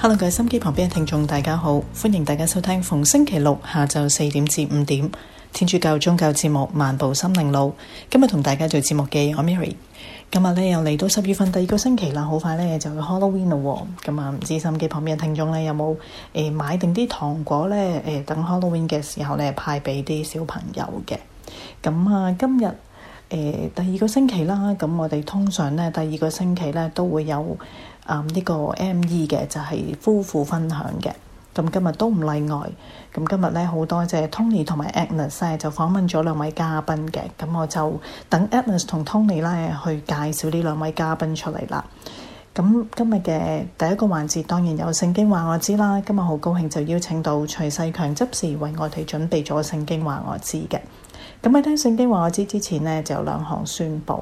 hello，各位心機旁邊嘅聽眾大家好，歡迎大家收聽逢星期六下晝四點至五點天主教宗教節目《漫步心靈路》。今日同大家做節目嘅我係 Mary，今日咧又嚟到十月份第二個星期啦，快呢哦呢有有呃、好快咧就 Halloween 啦。咁啊，唔知心機旁邊嘅聽眾咧有冇誒買定啲糖果咧誒、呃，等 Halloween 嘅時候咧派俾啲小朋友嘅。咁啊，今日誒、呃、第二個星期啦，咁我哋通常咧第二個星期咧都會有。呢、嗯呢個 M.E. 嘅就係、是、夫婦分享嘅，咁今日都唔例外。咁今日咧好多謝 Tony 同埋 Alice 咧，就訪問咗兩位嘉賓嘅。咁我就等 Alice 同 Tony 咧去介紹呢兩位嘉賓出嚟啦。咁今日嘅第一個環節當然有《聖經話我知》啦。今日好高興就邀請到徐世強執事為我哋準備咗《聖經話我知》嘅。咁喺聽《聖經話我知》之前呢，就有兩項宣佈。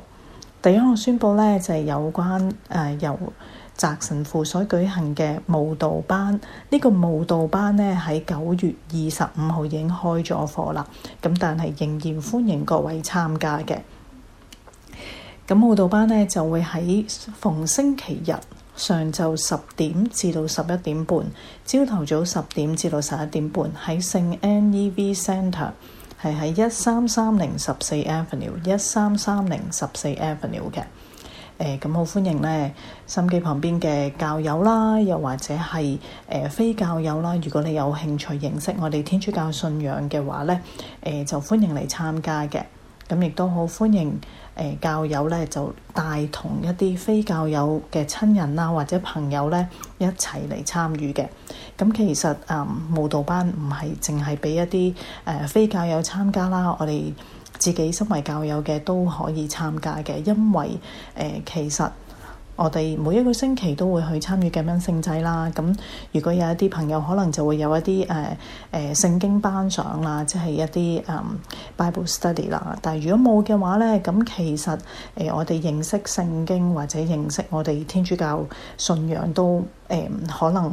第一項宣佈咧就係、是、有關誒由呃澤神父所舉行嘅慕道班，呢、這個慕道班咧喺九月二十五號已經開咗課啦，咁但係仍然歡迎各位參加嘅。咁慕道班呢，就會喺逢星期日上晝十點至到十一點半，朝頭早十點至到十一點半喺聖 NEV Centre，係喺一三三零十四 Avenue、一三三零十四 Avenue 嘅。誒咁好歡迎咧，心機旁邊嘅教友啦，又或者係誒、呃、非教友啦，如果你有興趣認識我哋天主教信仰嘅話咧，誒、呃、就歡迎嚟參加嘅。咁亦都好歡迎誒、呃、教友咧，就帶同一啲非教友嘅親人啦，或者朋友咧一齊嚟參與嘅。咁其實啊、嗯，舞蹈班唔係淨係俾一啲誒、呃、非教友參加啦，我哋。自己身為教友嘅都可以參加嘅，因為誒、呃、其實我哋每一個星期都會去參與感恩聖祭啦。咁如果有一啲朋友可能就會有一啲誒誒聖經班上啦，即係一啲誒、嗯、Bible study 啦。但係如果冇嘅話咧，咁其實誒、呃、我哋認識聖經或者認識我哋天主教信仰都誒、呃、可能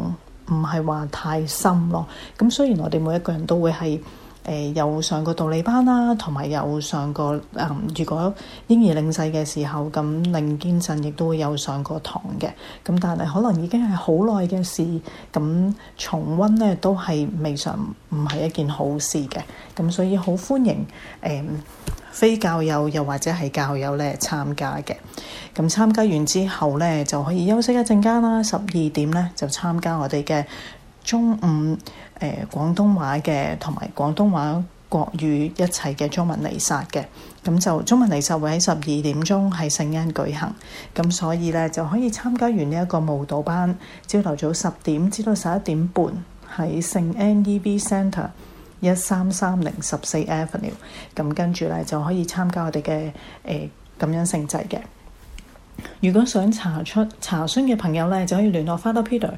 唔係話太深咯。咁雖然我哋每一個人都會係。誒有、呃、上過道理班啦，同埋有上過誒、呃。如果嬰兒領洗嘅時候，咁領堅振亦都會有上過堂嘅。咁但係可能已經係好耐嘅事，咁重溫咧都係未嘗唔係一件好事嘅。咁所以好歡迎誒、呃、非教友又或者係教友咧參加嘅。咁參加完之後咧就可以休息一陣間啦。十二點咧就參加我哋嘅中午。誒、呃、廣東話嘅同埋廣東話國語一齊嘅中文彌撒嘅，咁就中文彌撒會喺十二點鐘喺聖恩舉行，咁所以呢，就可以參加完呢一個舞蹈班，朝頭早十點至到十一點半喺聖恩 EB Centre 一三三零十四 Avenue，咁跟住呢，就可以參加我哋嘅誒感恩聖祭嘅。如果想查出查詢嘅朋友呢，就可以聯絡 Father Peter。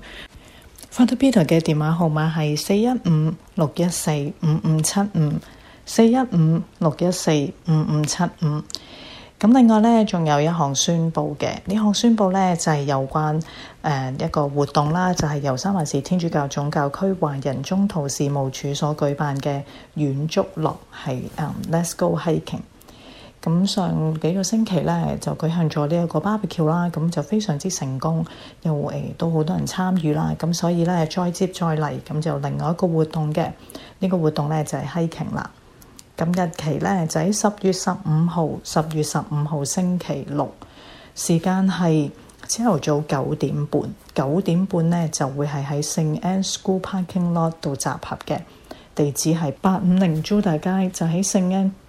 Peter 嘅電話號碼係四一五六一四五五七五四一五六一四五五七五。咁另外呢，仲有一項宣布嘅，呢項宣布呢，就係、是、有關誒、呃、一個活動啦，就係、是、由三藩市天主教總教區華人中途事務處所舉辦嘅遠足樂係、呃、Let's Go Hiking。咁上幾個星期咧就舉行咗呢一個 barbecue 啦，咁就非常之成功，又誒都好多人參與啦。咁所以咧再接再厲。咁就另外一個活動嘅呢、呢個活動咧就係、係、hiking 啦。咁日期咧就喺十月十五號，十月十五號星期六，時間係朝頭早九點半，九點半咧就會係喺聖安 School Parking Lot 度集合嘅，地址係八五零朱大街，就喺聖安。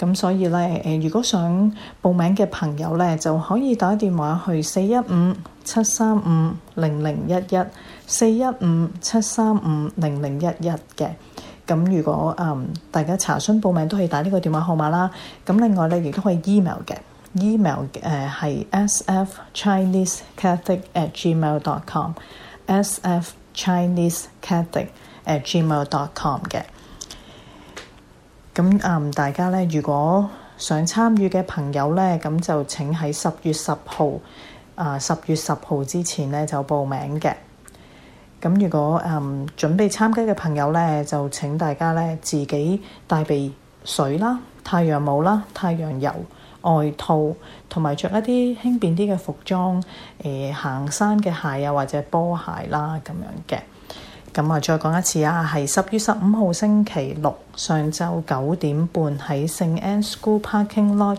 咁所以咧，誒如果想報名嘅朋友咧，就可以打電話去四一五七三五零零一一，四一五七三五零零一一嘅。咁如果誒、嗯、大家查詢報名都可以打呢個電話號碼啦。咁另外咧亦都可以 email 嘅，email 誒係 sfchinesecatholic@gmail.com，sfchinesecatholic@gmail.com 嘅。咁啊，大家咧，如果想參與嘅朋友咧，咁就請喺十月十號啊，呃、十月十號之前咧就報名嘅。咁如果嗯準備參加嘅朋友咧，就請大家咧自己帶備水啦、太陽帽啦、太陽油、外套，同埋着一啲輕便啲嘅服裝。誒、呃，行山嘅鞋啊，或者波鞋啦，咁樣嘅。咁啊，我再講一次啊，係十月十五號星期六上晝九點半喺聖安 School parking lot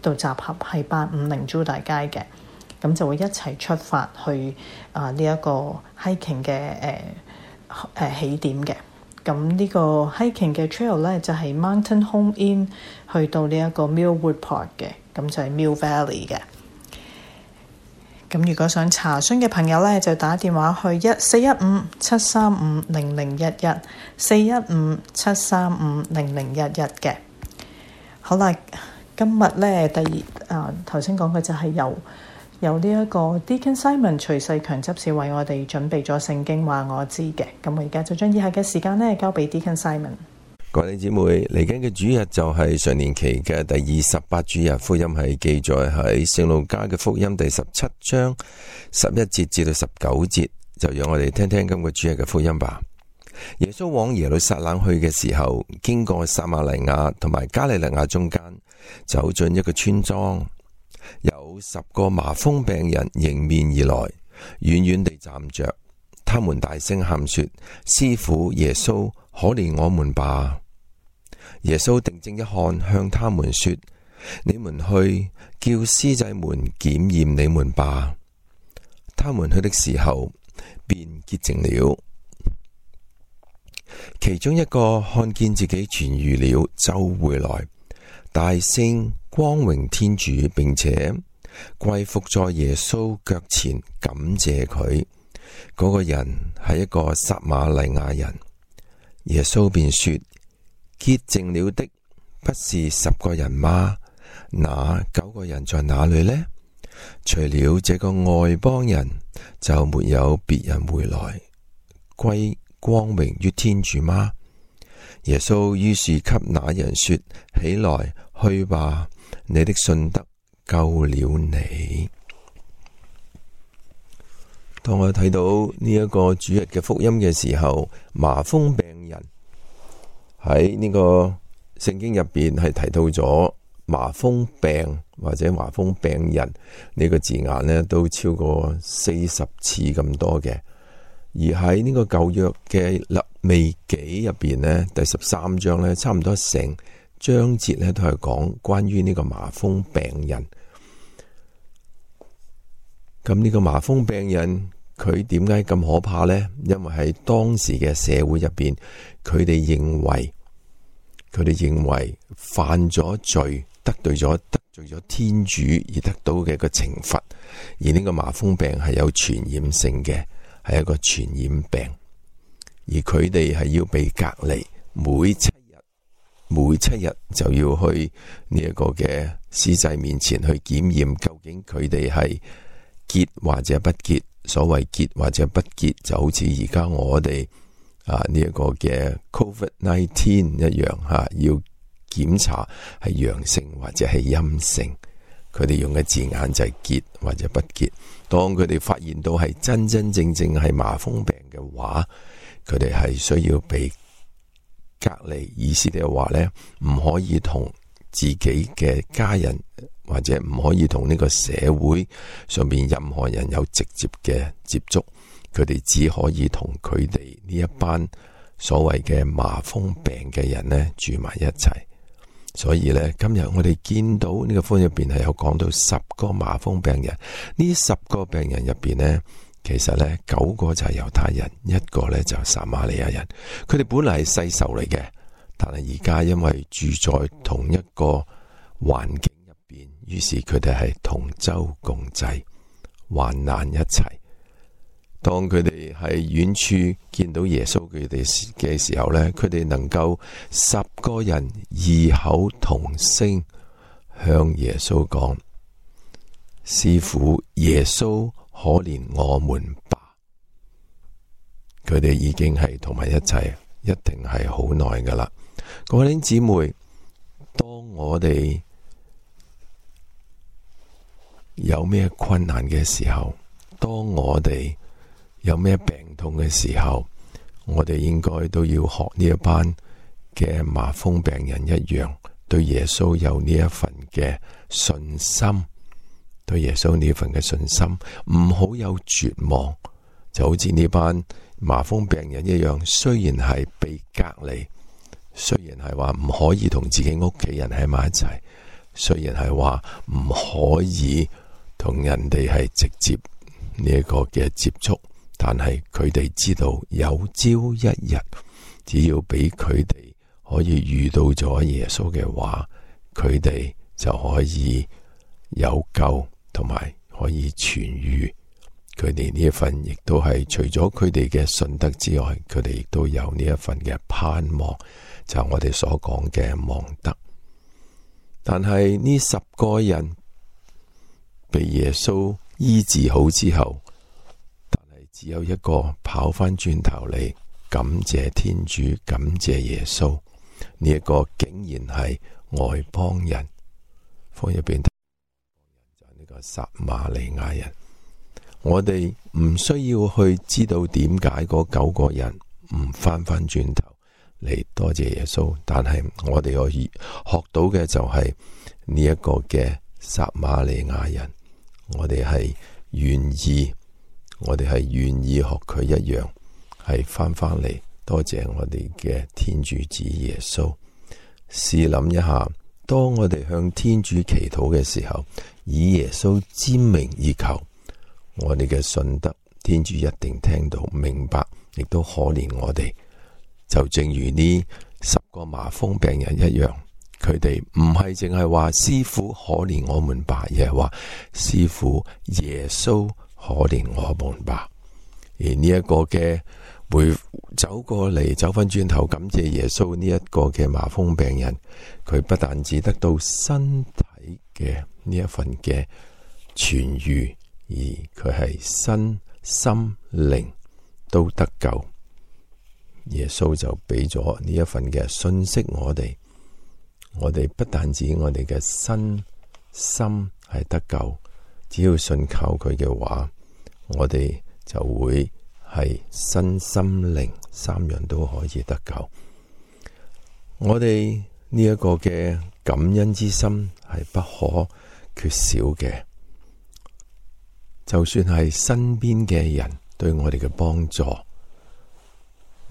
度集合，喺八五零朱大街嘅，咁就會一齊出發去啊呢一個 hiking 嘅誒誒起點嘅。咁呢個 hiking 嘅 trail 咧就係 Mountain Home Inn 去到呢一個 Mill Wood Park 嘅，咁就係 Mill Valley 嘅。咁如果想查詢嘅朋友咧，就打電話去一四一五七三五零零一一四一五七三五零零一一嘅。好啦，今日咧第二啊，頭先講嘅就係由有呢一個 Deacon Simon 徐世強執事為我哋準備咗聖經話我知嘅。咁我而家就將以下嘅時間咧交俾 Deacon Simon。各位姊妹，嚟緊嘅主日就係常年期嘅第二十八主日，福音係記載喺聖路加嘅福音第十七章十一節至到十九節。就讓我哋聽聽今個主日嘅福音吧。耶穌往耶路撒冷去嘅時候，經過撒馬利亞同埋加利利亞中間，走進一個村莊，有十個麻風病人迎面而來，遠遠地站着，他們大聲喊說：師傅耶穌，可憐我們吧！耶穌定睛一看，向他們說：你們去叫司祭們檢驗你們吧。他們去的時候，便潔淨了。其中一個看見自己痊愈了，就回來，大聲光榮天主，並且跪伏在耶穌腳前感謝佢。嗰、那個人係一個撒瑪利亞人，耶穌便說。潔淨了的不是十個人嗎？那九個人在哪裏呢？除了這個外邦人，就沒有別人回來歸光榮於天主嗎？耶穌於是給那人說：起來去吧，你的信德救了你。當我睇到呢一個主日嘅福音嘅時候，麻風病。喺呢個聖經入邊係提到咗麻風病或者麻風病人呢個字眼呢，都超過四十次咁多嘅。而喺呢個舊約嘅利未記入邊呢，第十三章呢，差唔多成章節呢，都係講關於呢個麻風病人。咁呢個麻風病人佢點解咁可怕呢？因為喺當時嘅社會入邊，佢哋認為。佢哋認為犯咗罪，得罪咗得罪咗天主而得到嘅一個懲罰，而呢個麻風病係有傳染性嘅，係一個傳染病，而佢哋係要被隔離，每七日每七日就要去呢一個嘅司祭面前去檢驗，究竟佢哋係潔或者不潔，所謂潔或者不潔，就好似而家我哋。啊！呢一個嘅 Covid Nineteen 一樣吓，啊，要檢查係陽性或者係陰性，佢哋用嘅字眼就係結或者不結。當佢哋發現到係真真正正係麻風病嘅話，佢哋係需要被隔離。意思嘅話呢：「唔可以同自己嘅家人或者唔可以同呢個社會上邊任何人有直接嘅接觸。」佢哋只可以同佢哋呢一班所謂嘅麻風病嘅人呢住埋一齊，所以呢，今日我哋見到呢個福音入邊係有講到十個麻風病人，呢十個病人入邊呢，其實呢九個就係猶太人，一個呢就係撒瑪利亞人。佢哋本嚟係世仇嚟嘅，但係而家因為住在同一個環境入邊，於是佢哋係同舟共濟，患難一齊。當佢哋喺遠處見到耶穌佢哋嘅時候，呢佢哋能夠十個人異口同聲向耶穌講： 師父耶穌可憐我們吧！佢哋 已經係同埋一齊，一定係好耐噶啦。各位兄姊妹，當我哋有咩困難嘅時候，當我哋。有咩病痛嘅時候，我哋應該都要學呢一班嘅麻風病人一樣，對耶穌有呢一份嘅信心，對耶穌呢份嘅信心，唔好有絕望，就好似呢班麻風病人一樣。雖然係被隔離，雖然係話唔可以同自己屋企人喺埋一齊，雖然係話唔可以同人哋係直接呢一個嘅接觸。但係佢哋知道，有朝一日，只要俾佢哋可以遇到咗耶穌嘅話，佢哋就可以有救，同埋可以痊癒。佢哋呢一份亦都係除咗佢哋嘅信德之外，佢哋亦都有呢一份嘅盼望，就係我哋所講嘅望德。但係呢十個人被耶穌醫治好之後。只有一個跑翻轉頭嚟，感謝天主、感謝耶穌呢一個竟然係外邦人，放入邊睇。就呢個撒瑪利亞人，我哋唔需要去知道點解嗰九個人唔翻翻轉頭嚟多謝耶穌，但係我哋可以學到嘅就係呢一個嘅撒瑪利亞人，我哋係願意。我哋係願意學佢一樣，係翻返嚟，多謝我哋嘅天主子耶穌。試諗一下，當我哋向天主祈禱嘅時候，以耶穌之名而求，我哋嘅信德，天主一定聽到明白，亦都可憐我哋。就正如呢十個麻風病人一樣，佢哋唔係淨係話師傅可憐我們吧，而係話師傅耶穌。可憐我們吧，而呢一個嘅會走過嚟，走翻轉頭，感謝耶穌呢一個嘅麻風病人，佢不但止得到身體嘅呢一份嘅痊癒，而佢係身心靈都得救。耶穌就俾咗呢一份嘅信息我哋，我哋不但止我哋嘅身心係得救，只要信靠佢嘅話。我哋就會係身心靈三樣都可以得救。我哋呢一個嘅感恩之心係不可缺少嘅。就算係身邊嘅人對我哋嘅幫助，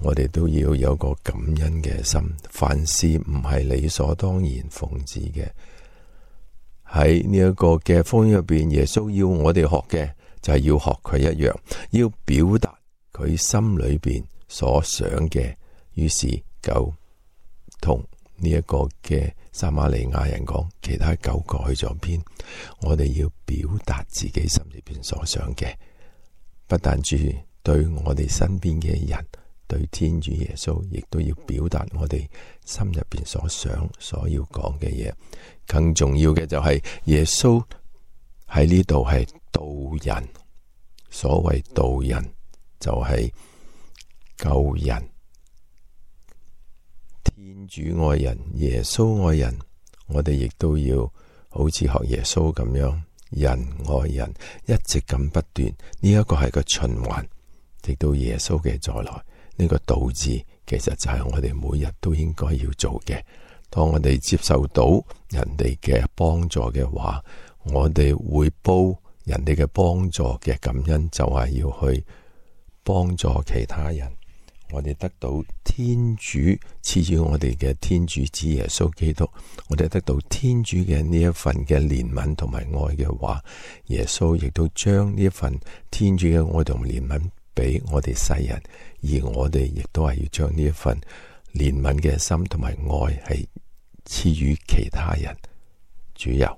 我哋都要有個感恩嘅心。凡事唔係理所當然奉旨嘅。喺呢一個嘅福音入邊，耶穌要我哋學嘅。就係要學佢一樣，要表達佢心裏邊所想嘅。於是就同呢一個嘅撒瑪利亞人講：其他九個去咗邊？我哋要表達自己心裏邊所想嘅。不但注意對我哋身邊嘅人，對天主耶穌，亦都要表達我哋心入邊所想、所要講嘅嘢。更重要嘅就係耶穌喺呢度係。道人，所謂道人就係、是、救人。天主愛人，耶穌愛人，我哋亦都要好似學耶穌咁樣，人愛人一直咁不斷。呢、這個、一個係個循環，直到耶穌嘅再來。呢、這個道字其實就係我哋每日都應該要做嘅。當我哋接受到人哋嘅幫助嘅話，我哋會煲。人哋嘅幫助嘅感恩，就係要去幫助其他人。我哋得到天主賜予我哋嘅天主子耶穌基督，我哋得到天主嘅呢一份嘅憐憫同埋愛嘅話，耶穌亦都將呢一份天主嘅愛同憐憫俾我哋世人，而我哋亦都係要將呢一份憐憫嘅心同埋愛係賜予其他人。主佑。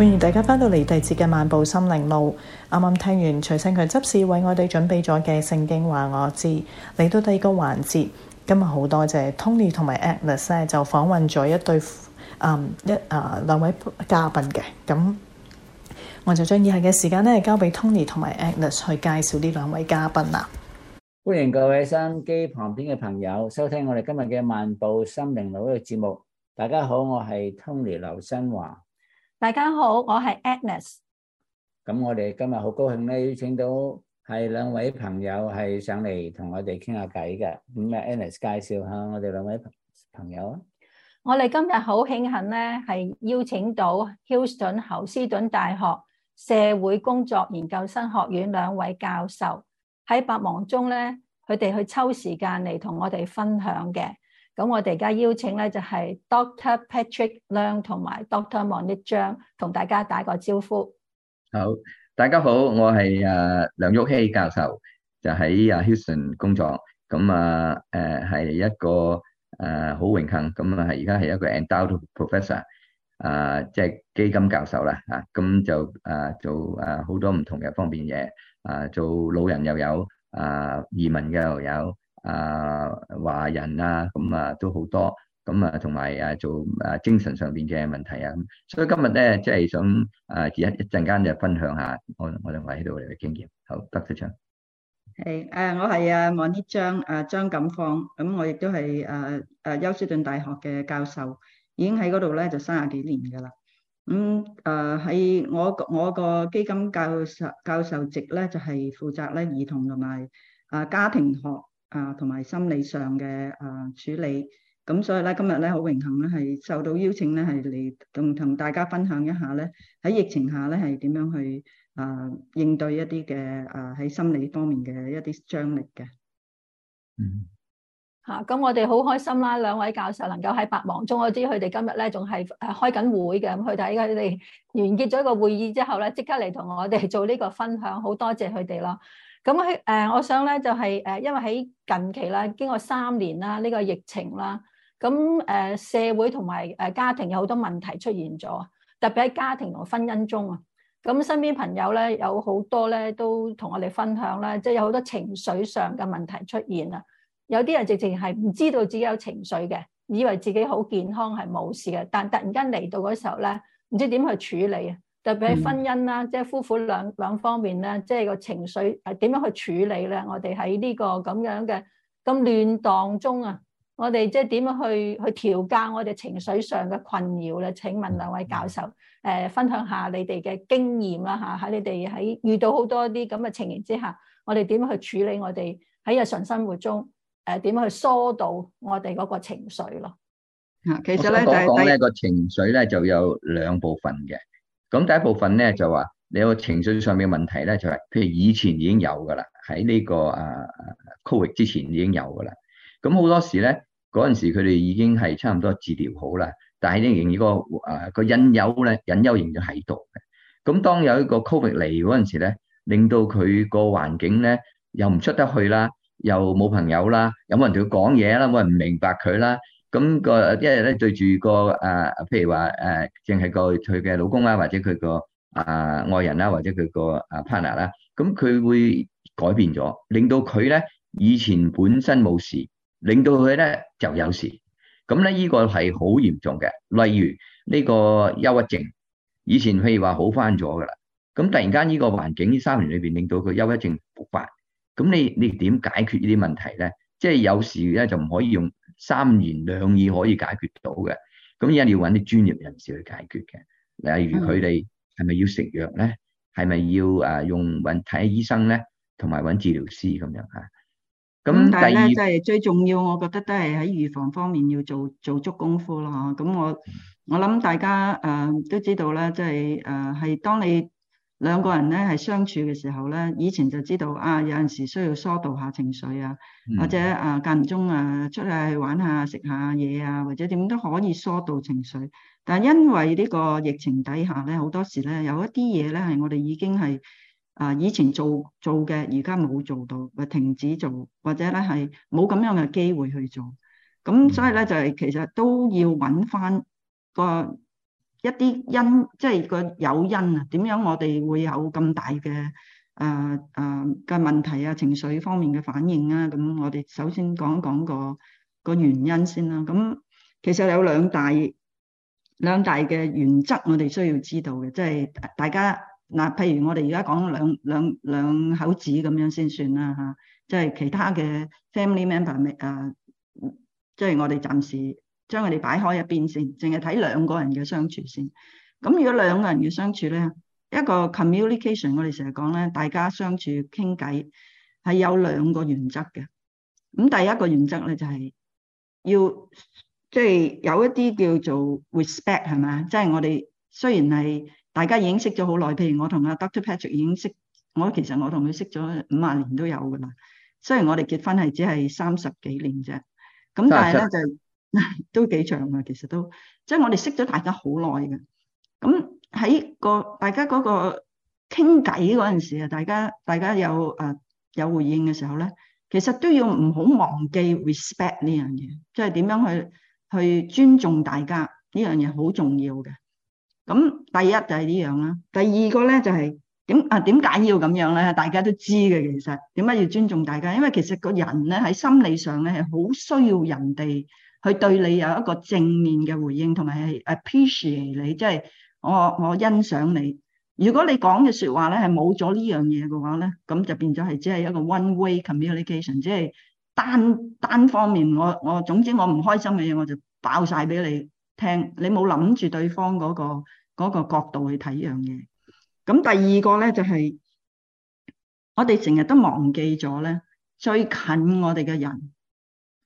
歡迎大家翻到嚟地節嘅漫步心靈路。啱啱聽完徐生佢執事為我哋準備咗嘅聖經話我，我知，嚟到第二個環節，今日好多謝 Tony 同埋 Alice 咧，就訪問咗一對嗯一啊兩位嘉賓嘅。咁、嗯、我就將以下嘅時間咧，交俾 Tony 同埋 Alice 去介紹呢兩位嘉賓啦。歡迎各位收音機旁邊嘅朋友收聽我哋今日嘅漫步心靈路嘅節目。大家好，我係 Tony 劉新華。大家好，我係 Annis。咁我哋今日好高興咧，邀請到係兩位朋友係上嚟同我哋傾下偈嘅。咁啊，Annis 介紹下我哋兩位朋友啊。我哋今日好慶幸咧，係邀請到休斯頓、侯斯頓大學社會工作研究生學院兩位教授喺百忙中咧，佢哋去抽時間嚟同我哋分享嘅。咁我哋而家邀請咧，就係 Dr. Patrick 梁同埋 Dr. Monique 張，同大家打個招呼。好，大家好，我係啊梁玉希教授，就喺啊 Houston 工作。咁啊誒係一個誒好榮幸，咁啊係而家係一個 Endowed Professor 啊，即係基金教授啦啊。咁就啊做啊好多唔同嘅方面嘢啊，做老人又有啊，移民嘅又有。啊，華人啊，咁啊都好多，咁啊同埋啊做啊精神上邊嘅問題啊，所以今日咧即係想啊一陣間就分享下我我哋位喺度嘅經驗，好，得先生。係、hey，誒我係啊，望啲張啊張錦芳。咁我亦都係誒誒休斯頓大學嘅教授，已經喺嗰度咧就三十幾年㗎啦。咁誒喺我我個基金教授教授席咧就係、是、負責咧兒童同埋啊家庭學。啊，同埋心理上嘅啊處理，咁所以咧今日咧好榮幸咧，係受到邀請咧，係嚟同同大家分享一下咧，喺疫情下咧係點樣去啊應對一啲嘅啊喺心理方面嘅一啲張力嘅。嗯。嚇、啊！咁我哋好開心啦，兩位教授能夠喺百忙中，我知佢哋今日咧仲係誒開緊會嘅，咁佢哋依家佢哋完結咗一個會議之後咧，即刻嚟同我哋做呢個分享，好多謝佢哋咯。咁喺誒，我想咧就係誒，因為喺近期啦，經過三年啦，呢個疫情啦，咁誒社會同埋誒家庭有好多問題出現咗，特別喺家庭同婚姻中啊，咁身邊朋友咧有好多咧都同我哋分享啦，即係有好多情緒上嘅問題出現啦，有啲人直情係唔知道自己有情緒嘅，以為自己好健康係冇事嘅，但突然間嚟到嗰時候咧，唔知點去處理啊！特別係婚姻啦，即係夫婦兩兩方面咧，即係個情緒係點樣去處理咧？我哋喺呢個咁樣嘅咁亂當中啊，我哋即係點樣去去調教我哋情緒上嘅困擾咧？請問兩位教授，誒、呃、分享下你哋嘅經驗啦嚇，喺、啊、你哋喺遇到好多啲咁嘅情形之下，我哋點樣去處理我哋喺日常生活中誒點樣去疏導我哋嗰個情緒咯？啊，其實咧就係講呢個情緒咧就有兩部分嘅。咁第一部分咧就話你個情緒上面嘅問題咧就係、是，譬如以前已經有㗎啦，喺呢個啊啊 COVID 之前已經有㗎啦。咁好多時咧，嗰陣時佢哋已經係差唔多治療好啦，但係呢個啊個、呃、隱憂咧隱憂仍然喺度嘅。咁當有一個 COVID 嚟嗰時咧，令到佢個環境咧又唔出得去啦，又冇朋友啦，又有冇人同佢講嘢啦，冇人明白佢啦。咁個一係咧對住個啊、呃，譬如話誒，淨係個佢嘅老公啊，或者佢個、呃、啊愛人啦，或者佢個 part 啊 partner 啦，咁佢會改變咗，令到佢咧以前本身冇事，令到佢咧就有事。咁咧呢個係好嚴重嘅。例如呢個憂鬱症，以前譬如話好翻咗㗎啦，咁突然間呢個環境，呢三年裏邊令到佢憂鬱症復發。咁你你點解決呢啲問題咧？即、就、係、是、有時咧就唔可以用。三言兩語可以解決到嘅，咁而家你要揾啲專業人士去解決嘅。例如佢哋係咪要食藥咧？係咪要誒用揾睇醫生咧？同埋揾治療師咁樣嚇。咁、嗯、但係咧，即係最重要，我覺得都係喺預防方面要做做足功夫咯。咁我我諗大家誒都知道啦，即係誒係當你，兩個人咧係相處嘅時候咧，以前就知道啊，有陣時需要疏導下情緒啊，嗯、或者啊間中啊出去玩下、食下嘢啊，或者點都可以疏導情緒。但係因為呢個疫情底下咧，好多時咧有一啲嘢咧係我哋已經係啊以前做做嘅，而家冇做到或停止做，或者咧係冇咁樣嘅機會去做。咁所以咧就係、是、其實都要搵返個。一啲因即係個有因啊，點樣我哋會有咁大嘅誒誒嘅問題啊？情緒方面嘅反應啊，咁我哋首先講一講個個原因先啦。咁其實有兩大兩大嘅原則，我哋需要知道嘅，即係大家嗱，呃，譬如我哋而家講兩兩兩口子咁樣先算啦嚇，即係其他嘅 family member 啊，即係我哋暫時。將佢哋擺開一邊先，淨係睇兩個人嘅相處先。咁如果兩個人嘅相處咧，一個 communication，我哋成日講咧，大家相處傾偈係有兩個原則嘅。咁第一個原則咧就係、是、要即係、就是、有一啲叫做 respect 係咪？即、就、係、是、我哋雖然係大家已經識咗好耐，譬如我同阿 Doctor Patrick 已經識，我其實我同佢識咗五十年都有㗎啦。雖然我哋結婚係只係三十幾年啫，咁但係咧、啊啊、就是。都幾長啊，其實都即係我哋識咗大家好耐嘅。咁喺個大家嗰個傾偈嗰陣時啊，大家大家有誒有回應嘅時候咧，其實都要唔好忘記 respect 呢樣嘢，即係點樣去去尊重大家呢樣嘢好重要嘅。咁第一就係呢樣啦，第二個咧就係點啊點解要咁樣咧？大家都知嘅，其實點解要尊重大家？因為其實個人咧喺心理上咧係好需要人哋。去對你有一個正面嘅回應，同埋係 appreciate 你，即係我我欣賞你。如果你講嘅説話咧係冇咗呢樣嘢嘅話咧，咁就變咗係只係一個 one-way communication，即係單單方面我。我我總之我唔開心嘅嘢我就爆晒俾你聽，你冇諗住對方嗰個嗰個角度去睇呢樣嘢。咁第二個咧就係我哋成日都忘記咗咧，最近我哋嘅人。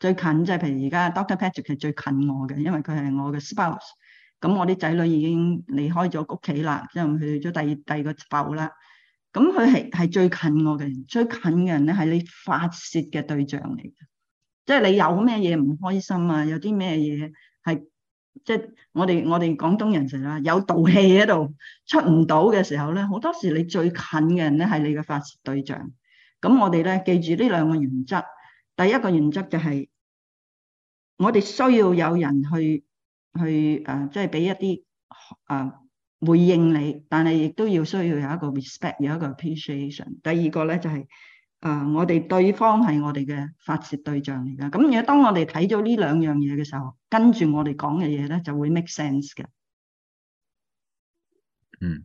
最近即係譬如而家 Doctor Patrick 係最近我嘅，因為佢係我嘅 spouse。咁我啲仔女已經離開咗屋企啦，即係去咗第二第二個埠啦。咁佢係係最近我嘅，最近嘅人咧係你發泄嘅對象嚟嘅。即係你有咩嘢唔開心啊？有啲咩嘢係即係我哋我哋廣東人成日啦，有道氣喺度出唔到嘅時候咧，好多時你最近嘅人咧係你嘅發泄對象。咁我哋咧記住呢兩個原則，第一個原則就係。我哋需要有人去去誒、啊，即係俾一啲誒、啊、回應你，但係亦都要需要有一個 respect，有一個 appreciation。第二個咧就係、是、誒、啊，我哋對方係我哋嘅發洩對象嚟㗎。咁而當我哋睇咗呢兩樣嘢嘅時候，跟住我哋講嘅嘢咧就會 make sense 嘅。嗯，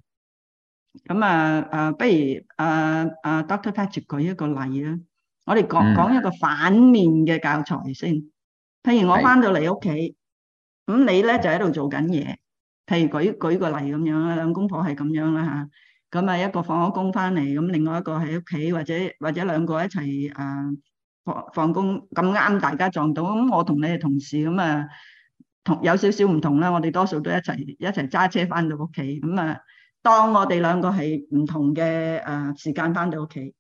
咁啊誒、啊，不如誒誒、啊啊、Doctor Patrick 舉一個例啦。我哋講、嗯、講一個反面嘅教材先。譬如我翻到嚟屋企，咁你咧就喺度做緊嘢。譬如舉舉個例咁樣啦，兩公婆係咁樣啦嚇。咁啊一個放工翻嚟，咁另外一個喺屋企，或者或者兩個一齊誒放放工，咁啱大家撞到。咁我同你嘅同事咁啊，同有少少唔同啦。我哋多數都一齊一齊揸車翻到屋企。咁啊，當我哋兩個係唔同嘅誒時間翻到屋企。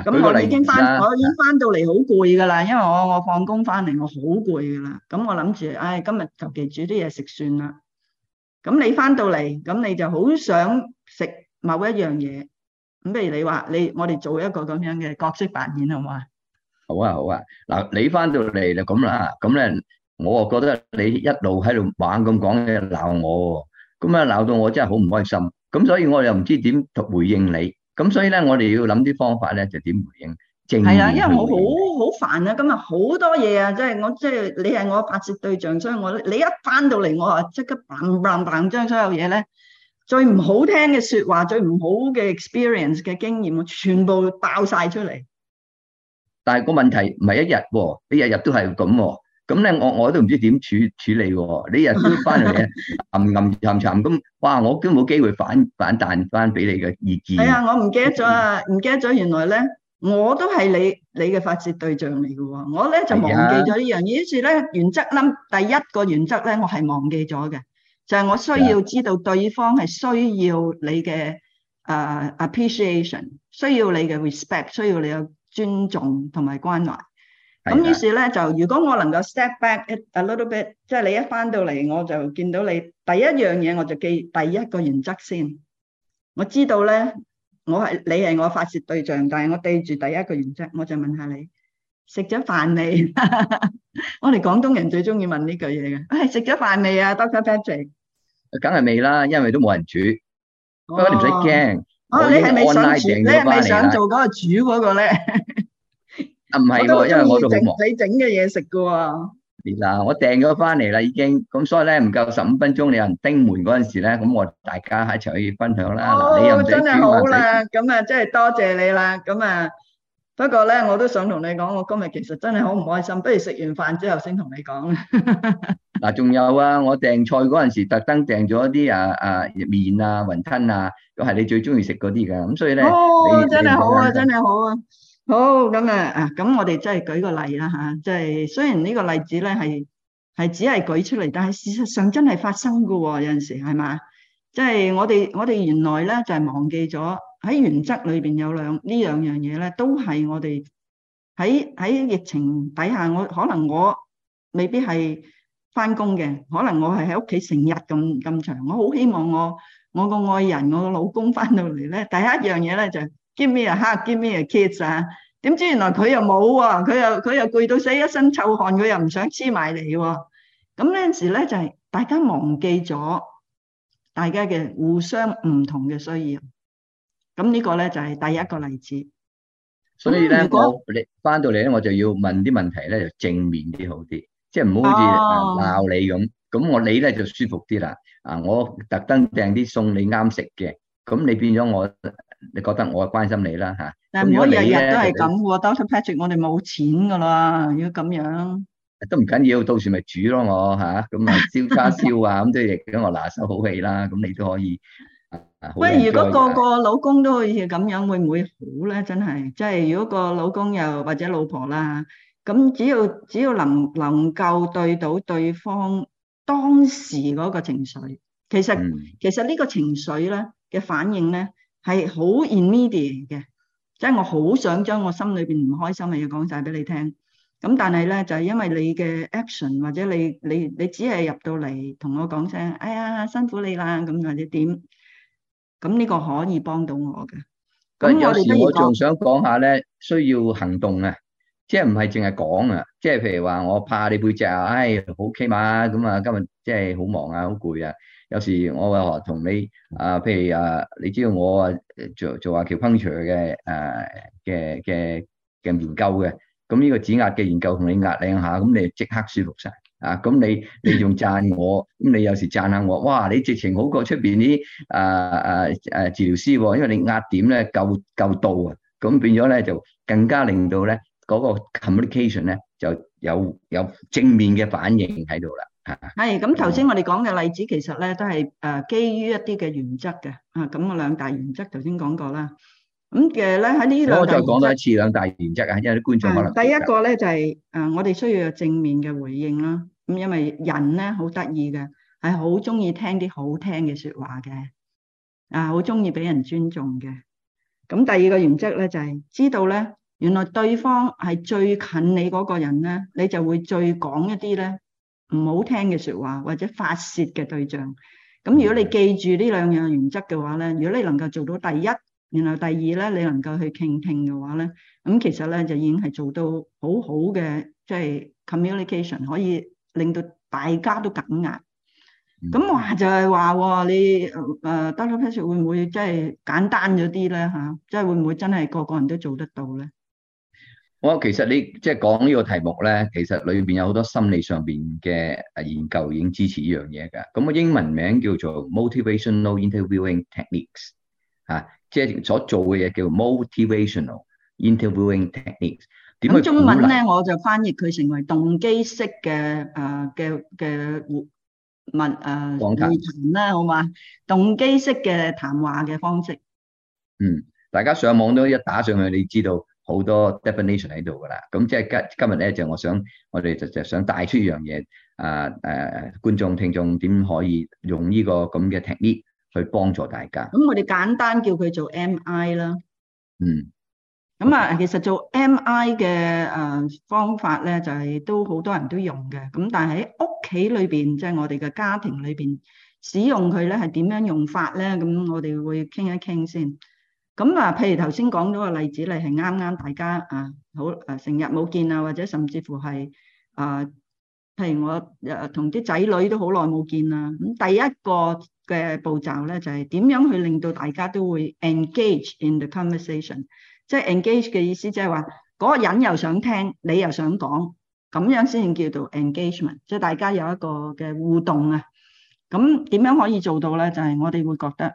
咁我已經翻，我已經翻到嚟好攰噶啦，因為我我放工翻嚟，我好攰噶啦。咁我諗住，唉、哎，今日求其煮啲嘢食算啦。咁你翻到嚟，咁你就好想食某一樣嘢。咁譬如你話，你我哋做一個咁樣嘅角色扮演，好嘛？好啊，好啊。嗱，你翻到嚟就咁啦。咁咧，我啊覺得你一路喺度猛咁講嘢鬧我，咁啊鬧到我真係好唔開心。咁所以我又唔知點回應你。咁所以咧，我哋要諗啲方法咧，就點回應，正面去回應？係啊，因為我好好煩啊，今日好多嘢啊，即、就、係、是、我即係、就是、你係我發洩對象，所以我你一翻到嚟，我啊即刻 bang bang bang 將所有嘢咧最唔好聽嘅說話、最唔好嘅 experience 嘅經驗，我全部爆晒出嚟。但係個問題唔係一日、啊，你日日都係咁、啊。咁咧，我我都唔知點處處理喎、喔。你日都翻嚟，噏噏沉沉咁，哇！我都冇機會反反彈翻俾你嘅意見。係 啊，我唔記得咗啊，唔記得咗。原來咧，我都係你你嘅發泄對象嚟嘅喎。我咧就忘記咗呢樣嘢，是啊、於是咧原則諗第一個原則咧，我係忘記咗嘅，就係、是、我需要知道對方係需要你嘅誒 appreciation，的需要你嘅 respect，需要你嘅尊重同埋關懷。咁於是咧，就如果我能夠 step backa little bit，即係你一翻到嚟，我就見到你第一樣嘢，我就記第一個原則先。我知道咧，我係你係我發泄對象，但係我記住第一個原則，我就問下你食咗飯未？我哋廣東人最中意問呢句嘢嘅。唉，食咗飯未啊，Doctor Patrick？梗係未啦，因為都冇人煮。不過你唔使驚，我會 online 頂你翻嚟啦。哦，你係咪想你係咪想做嗰個煮嗰個咧？啊，唔係喎，因為我都好忙。你整嘅嘢食噶喎。係啦，我訂咗翻嚟啦，已經。咁所以咧，唔夠十五分鐘，你有人叮門嗰陣時咧，咁我大家喺一齊去分享啦。哦，你又真係好啦，咁啊，真係多謝你啦，咁啊。不過咧，我都想同你講，我今日其實真係好唔開心。不如食完飯之後先同你講。嗱，仲有啊，我訂菜嗰陣時，特登訂咗啲啊啊麵啊雲吞啊，都係你最中意食嗰啲㗎。咁所以咧，哦，真係好啊，真係好啊。好咁啊！咁我哋即係舉個例啦吓，即係雖然呢個例子咧係係只係舉出嚟，但係事實上真係發生噶喎。有陣時係嘛，即係我哋我哋原來咧就係忘記咗喺原則裏邊有兩呢兩樣嘢咧，都係我哋喺喺疫情底下，我可能我未必係翻工嘅，可能我係喺屋企成日咁咁長。我好希望我我個愛人我個老公翻到嚟咧，第一樣嘢咧就係。Give me a hug，吓，give me a kiss。啊，點知原來佢又冇喎，佢又佢又攰到死，一身臭汗，佢又唔想黐埋你喎。咁呢時咧就係大家忘記咗大家嘅互相唔同嘅需要。咁呢個咧就係第一個例子。所以咧，我你翻到嚟咧，我就要問啲問題咧，就正面啲好啲，即係唔好好似鬧你咁。咁我你咧就舒服啲啦。啊，我特登訂啲餸你啱食嘅，咁你變咗我。你覺得我關心你啦吓，但係唔可以日日都係咁喎，Doctor Patrick，我哋冇錢噶啦，如果咁樣都唔緊要，到時咪煮咯我吓，咁啊燒叉燒啊，咁即係俾我拿手好戲啦，咁你都可以。喂，如果個個老公都可以咁樣，會唔會好咧？真係，即係如果個老公又或者老婆啦，咁只要只要能能夠對到對方當時嗰個情緒，其實其實呢個情緒咧嘅反應咧。係好 immediate 嘅，即係我好想將我心裏邊唔開心嘅嘢講晒俾你聽。咁但係咧，就係因為你嘅 action 或者你你你只係入到嚟同我講聲，哎呀辛苦你啦咁或者點。咁呢個可以幫到我嘅。咁我哋需要。咁有時我仲想講下咧，需要行動啊，即係唔係淨係講啊？即係譬如話，我怕你背脊啊，唉，好 okay 嘛咁啊，今日即係好忙啊，好攰啊。有時我會學同你啊，譬如啊，你知道我啊做做下橋烹嘅誒嘅嘅嘅研究嘅，咁呢個指壓嘅研究同你壓兩下，咁你即刻舒服晒。啊！咁你你仲、啊、讚我，咁你有時讚下我，哇！你直情好過出邊啲啊啊啊治療師喎，啊，因為你壓點咧夠夠到啊，咁變咗咧就更加令到咧嗰、嗰個 communication 咧就有有正面嘅反應喺度啦。係，咁頭先我哋講嘅例子其實咧都係誒基於一啲嘅原則嘅，啊咁嘅兩大原則頭先講過啦，咁嘅咧喺呢度。我再講多一次兩大原則啊，因為啲觀眾可能。第一個咧就係誒，我哋需要有正面嘅回應啦，咁因為人咧好得意嘅，係好中意聽啲好聽嘅說話嘅，啊好中意俾人尊重嘅，咁第二個原則咧就係知道咧，原來對方係最近你嗰個人咧，你就會最講一啲咧。唔好聽嘅說話或者發泄嘅對象，咁如果你記住呢兩樣原則嘅話咧，如果你能夠做到第一，然後第二咧，你能夠去傾聽嘅話咧，咁其實咧就已經係做到好好嘅，即係 communication 可以令到大家都減壓。咁話就係話你誒，double pressure 會唔會即係簡單咗啲咧？嚇、啊，即係會唔會真係個個人都做得到咧？我其實你即係講呢個題目咧，其實裏邊有好多心理上邊嘅啊研究已經支持呢樣嘢㗎。咁個英文名叫做 motivational interviewing techniques，啊，即係所做嘅嘢叫 motivational interviewing techniques。咁中文咧，我就翻譯佢成為動機式嘅啊嘅嘅活物啊會談啦，好嘛？動機式嘅談話嘅方式。嗯，大家上網都一打上去，你知道。好多 definition 喺度噶啦，咁即係今今日咧就是，我想，我哋就就想帶出一，呃呃、樣嘢啊誒觀眾聽眾點可以用呢，這個咁嘅 technique 去幫助大家。咁我哋簡單叫佢做 MI 啦。嗯。咁啊，Okay. 其實做 MI 嘅誒方法咧，就係，是，都好多人都用嘅。咁但係喺屋企裏邊，即、就、係、是、我哋嘅家庭裏邊使用佢咧，係點樣用法咧？咁我哋會傾一傾先。咁啊，譬如頭先講咗個例子，你係啱啱大家啊，好誒，成日冇見啊，或者甚至乎係啊，譬如我誒同啲仔女都好耐冇見啦。咁第一個嘅步驟咧，就係點樣去令到大家都會 engage in the conversation，即係 engage 嘅意思，即係話嗰個人又想聽，你又想講，咁樣先至叫做 engagement，即係大家有一個嘅互動啊。咁點樣可以做到咧？就係我哋會覺得。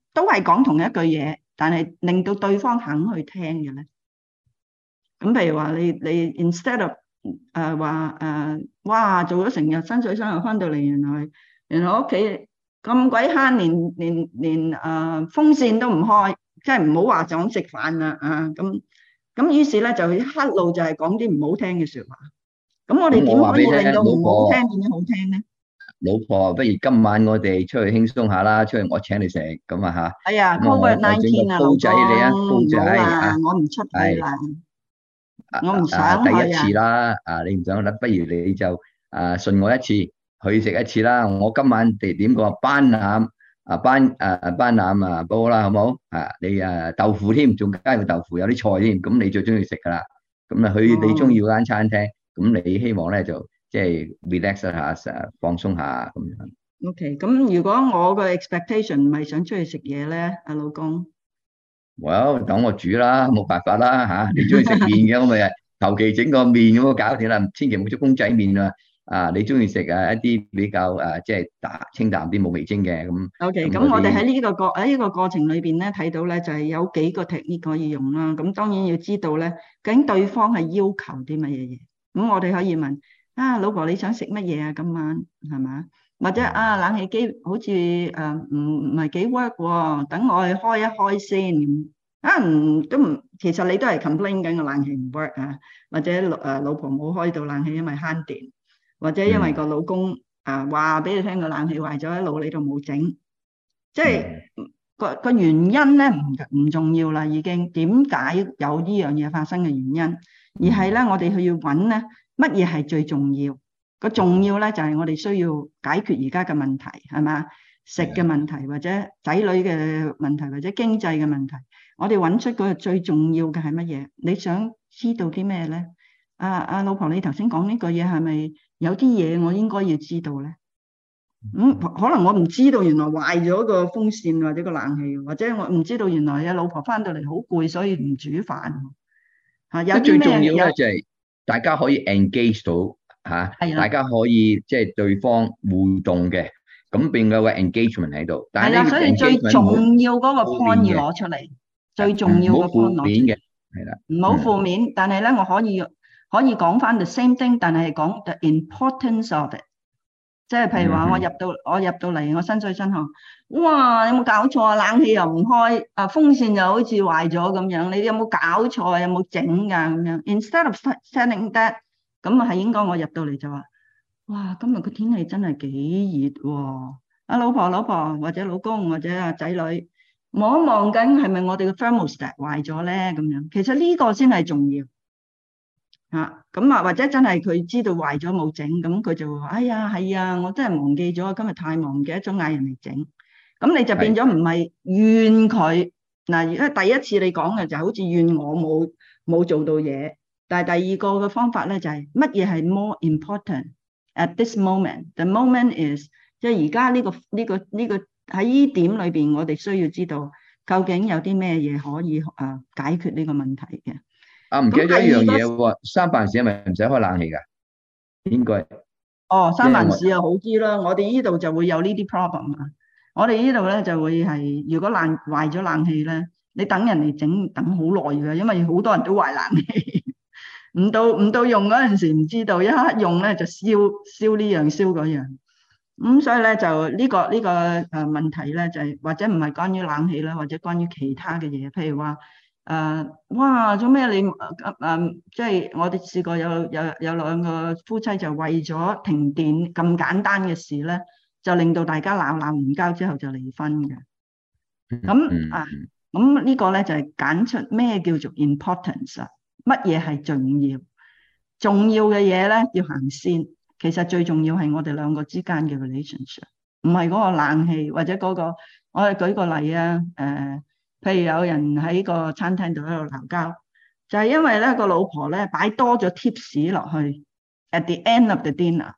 都係講同一句嘢，但係令到對方肯去聽嘅咧。咁譬如話你你 instead of 啊話誒，哇做咗成日薪水，薪水返到嚟原來原來屋企咁鬼慳，連連連誒、呃、風扇都唔開，即係唔好話就咁食飯啦啊咁，咁於是咧就刻路就係講啲唔好聽嘅說話。咁我哋點可以令到唔好聽變咗好聽咧？老婆，不如今晚我哋出去輕鬆下啦，出去我請你食，咁啊吓。哎呀，Covert Nineteen 啊，煲仔你啊，煲仔啊，我唔出，係，我唔想去啊。第一次啦，啊，你唔想啦，不如你就啊信我一次，去食一次啦。我今晚地點個斑腩啊斑啊斑腩啊煲啦，好冇？啊，你啊豆腐添，仲加個豆腐，有啲菜添，咁你最中意食噶啦。咁啊去你中意嗰間餐廳，咁你希望咧就。即係 relax 下啊，放鬆下咁樣。O K，咁如果我個 expectation 唔係想出去食嘢咧，阿老公，Well，等我煮啦，冇辦法啦嚇。你中意食麵嘅，咁咪啊求其整個麵咁搞掂啦。千祈唔好出公仔麵啊！啊，你中意食啊一啲比較啊，即係淡清淡啲冇味精嘅咁。O K，咁我哋喺呢個過喺呢個過程裏邊咧，睇到咧就係有幾個提議可以用啦。咁當然要知道咧，究竟對方係要求啲乜嘢嘢。咁我哋可以問。啊，老婆你想食乜嘢啊？今晚係嘛？或者啊，冷氣機好似誒唔唔係幾 work，等我去開一開先。啊，唔都唔，其實你都係 complain 緊個冷氣唔 work 啊。或者誒，老婆冇開到冷氣，因為慳電，或者因為個老公誒話俾你聽個冷氣壞咗一路，你就冇整。即係個個原因咧唔唔重要啦，已經點解有呢樣嘢發生嘅原因，而係咧我哋去要揾咧。乜嘢係最重要？個重要咧就係我哋需要解決而家嘅問題，係嘛？食嘅問題或者仔女嘅問題或者經濟嘅問題，我哋揾出嗰個最重要嘅係乜嘢？你想知道啲咩咧？阿阿老婆，你頭先講呢個嘢係咪有啲嘢我應該要知道咧？咁可能我唔知道原來壞咗個風扇或者個冷氣，或者我唔知道原來阿老婆翻到嚟好攰，所以唔煮飯。吓，有啲咩嘢？最重要嘅就係大家可以 engage 到吓，大家可以即係對方互動嘅，咁變咗個 engagement 喺度。係啦，所以最重要嗰個 point 要攞出嚟，最重要嗰個 point 攞出嚟。唔好負面嘅，係啦，唔好負面。但係咧，我可以可以講翻 the same thing，但係講 the importance of it。即係譬如話，我入到我入到嚟，我身水身汗，哇！有冇搞錯啊？冷氣又唔開，啊風扇又好似壞咗咁樣。你有冇搞錯啊？有冇整㗎咁樣？Instead of setting that，咁啊係應該我入到嚟就話，哇！今日個天氣真係幾熱喎，啊！啊老婆老婆，或者老公或者啊仔女望一望緊，係咪我哋嘅 thermostat 壞咗咧？咁樣其實呢個先係重要。嚇咁啊，或者真係佢知道壞咗冇整，咁佢就話：哎呀，係啊，我真係忘記咗，今日太忙，忘記咗，嗌人嚟整。咁你就變咗唔係怨佢嗱。而家的、啊、第一次你講嘅就好似怨我冇冇做到嘢，但係第二個嘅方法咧就係乜嘢係 more important at this moment？The moment is 即係而家呢個呢、呢個呢、呢個喺依、呢個、點裏邊，我哋需要知道究竟有啲咩嘢可以啊解決呢個問題嘅。啊，唔記得一樣嘢喎，三藩市係咪唔使開冷氣噶，應該。哦，三藩市又好啲啦，我哋呢度就會有呢啲 problem 啊。我哋呢度咧就會係，如果冷壞咗冷氣咧，你等人嚟整，等好耐噶，因為好多人都壞冷氣。唔到唔到用嗰陣時唔知道，一刻用咧就燒燒呢樣燒嗰樣，咁所以咧就呢個呢個誒問題咧就係或者唔係關於冷氣啦，或者關於其他嘅嘢，譬如話。誒，哇，做咩你誒誒，即係我哋試過有有有兩個夫妻就為咗停電咁簡單嘅事咧，就令到大家鬧鬧完交之後就離婚嘅。咁啊，咁呢個咧就係揀出咩叫做 importance，乜嘢係重要？重要嘅嘢咧要行先。其實最重要係我哋兩個之間嘅 relationship，唔係嗰個冷氣或者嗰個。我哋舉個例啊，誒。譬如有人喺個餐廳度喺度鬧交，就係因為咧個老婆咧擺多咗貼士落去，at the end of the dinner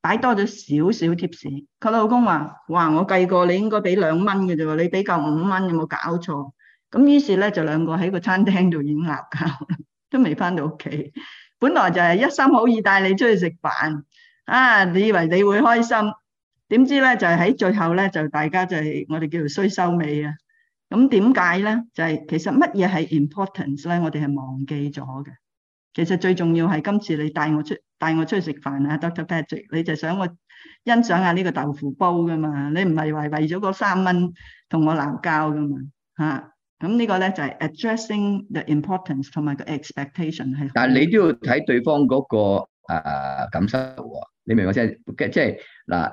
擺多咗少少貼士。佢老公話：「哇，我計過你應該俾兩蚊嘅啫喎，你俾夠五蚊有冇搞錯？咁於是咧就兩個喺個餐廳度已經鬧交， 都未翻到屋企。本來就係一心好意帶你出去食飯，啊，你以為你會開心？點知咧就係喺最後咧就大家就係我哋叫做衰收尾啊！咁點解咧？就係其實乜嘢係 importance 咧？我哋係忘記咗嘅。其實最重要係今次你帶我出帶我出去食飯啊，Dr. Patrick，你就想我欣賞下呢個豆腐煲㗎嘛？你唔係為為咗嗰三蚊同我鬧交㗎嘛？嚇！咁呢個咧就係 addressing the importance 同埋個 expectation 係。但係你都要睇對方嗰個誒感受喎，你明唔明先？即係嗱誒，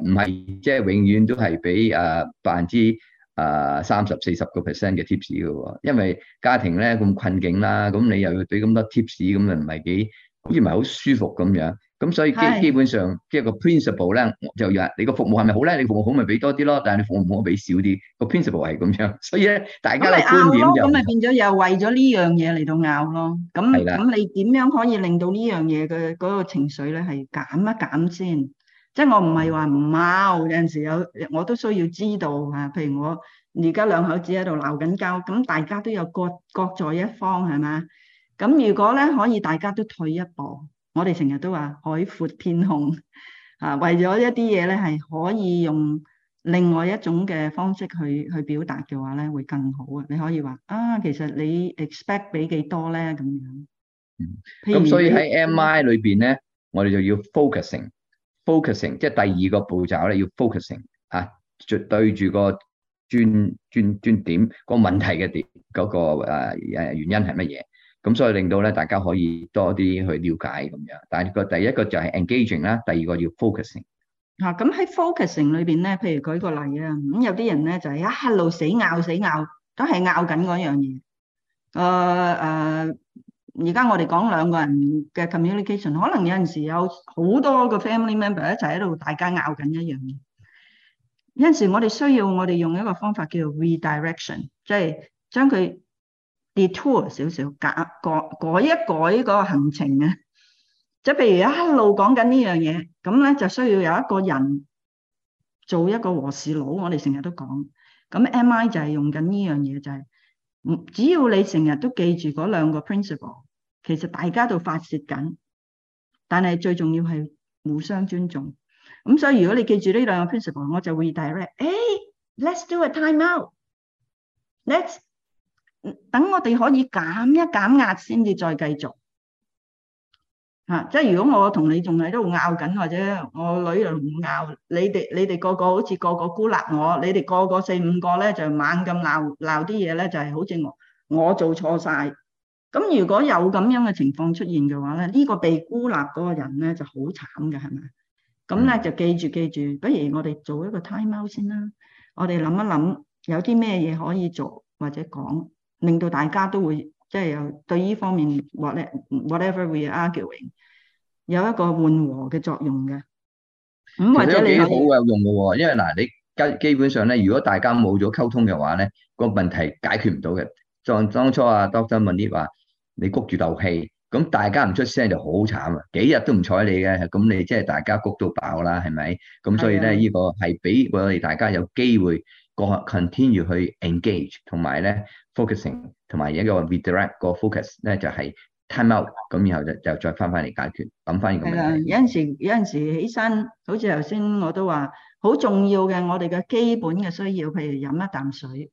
唔係即係永遠都係俾誒百分之，啊，三十四十個 percent 嘅 tips 嘅喎，因為家庭咧咁困境啦，咁你又要俾咁多 tips，咁又唔係幾好似唔係好舒服咁樣，咁所以基基本上即係是的 個 principle 咧，就話你個服務係咪好咧？你服，好你服務好咪俾多啲咯，但係你服務唔好俾少啲，個 principle 係咁樣。所以咧，大家嘅觀點又拗咯，咁咪的變咗又為咗呢樣嘢嚟到拗咯。咁咁的你點樣可以令到呢樣嘢嘅嗰個情緒咧係減一減先？即係我唔係話唔嬲，有陣時有我都需要知道吓。譬如我而家兩口子喺度鬧緊交，咁大家都有各各在一方係咪？咁如果咧可以大家都退一步，我哋成日都話海闊天空啊。為咗一啲嘢咧係可以用另外一種嘅方式去去表達嘅話咧，會更好啊！你可以話啊，其實你 expect 俾幾多咧咁樣？嗯，咁所以喺 MI 裏邊咧，我哋就要 focusing。focusing，即係第二個步驟咧，要 focusing 啊，對對住個轉轉轉點個問題嘅點嗰個誒誒，原因係乜嘢？咁所以令到咧大家可以多啲去了解咁樣。但係個第一個就係 engaging 啦，第二個要 focusing。嚇！咁喺 focusing 裏邊咧，譬如舉個例啊，咁有啲人咧就係一路死拗死拗，都係拗緊嗰樣嘢。誒誒。而家我哋講兩個人嘅 communication，可能有陣時有好多個 family member 一齊喺度，大家拗緊一樣嘢。有陣時我哋需要我哋用一個方法叫做 redirection，即係將佢 detour 少少，改改改一改嗰個行程啊！即係譬如一路講緊呢樣嘢，咁咧就需要有一個人做一個和事佬。我哋成日都講，咁 MI 就係用緊呢樣嘢，就係只要你成日都記住嗰兩個 principle。其實大家都發洩緊，但係最重要係互相尊重。咁所以如果你記住呢兩個 principle，我就會 direct，誒，let's do a timeout，let's 等我哋可以減一減壓先至再繼續。啊，即係如果我同你仲係都拗緊，或者我女又唔拗，你哋你哋個個好似個個孤立我，你哋個個四五個咧就猛咁鬧鬧啲嘢咧，就係好似我我做錯晒。咁如果有咁樣嘅情況出現嘅話咧，呢個被孤立嗰個人咧就好慘嘅，係咪？咁咧就記住記住，不如我哋做一個 timeout 先啦。我哋諗一諗有啲咩嘢可以做或者講，令到大家都會即係有對呢方面 what whatever we are arguing 有一個緩和嘅作用嘅。咁或者你好有用嘅喎，因為嗱你基基本上咧，如果大家冇咗溝通嘅話咧，個問題解決唔到嘅。當當初阿 Doctor Wendy 話。你谷住鬥氣，咁大家唔出聲就好慘啊！幾日都唔睬你嘅，咁你即係大家谷到爆啦，係咪？咁所以咧，呢個係俾我哋大家有機會個 continue 去 engage，同埋咧 focusing，同埋一個 redirect 個 focus 咧就係 timeout，咁然後就就再翻翻嚟解決，諗翻呢個問題。係啦，有陣時有陣時起身，好似頭先我都話，好重要嘅，我哋嘅基本嘅需要，譬如飲一啖水，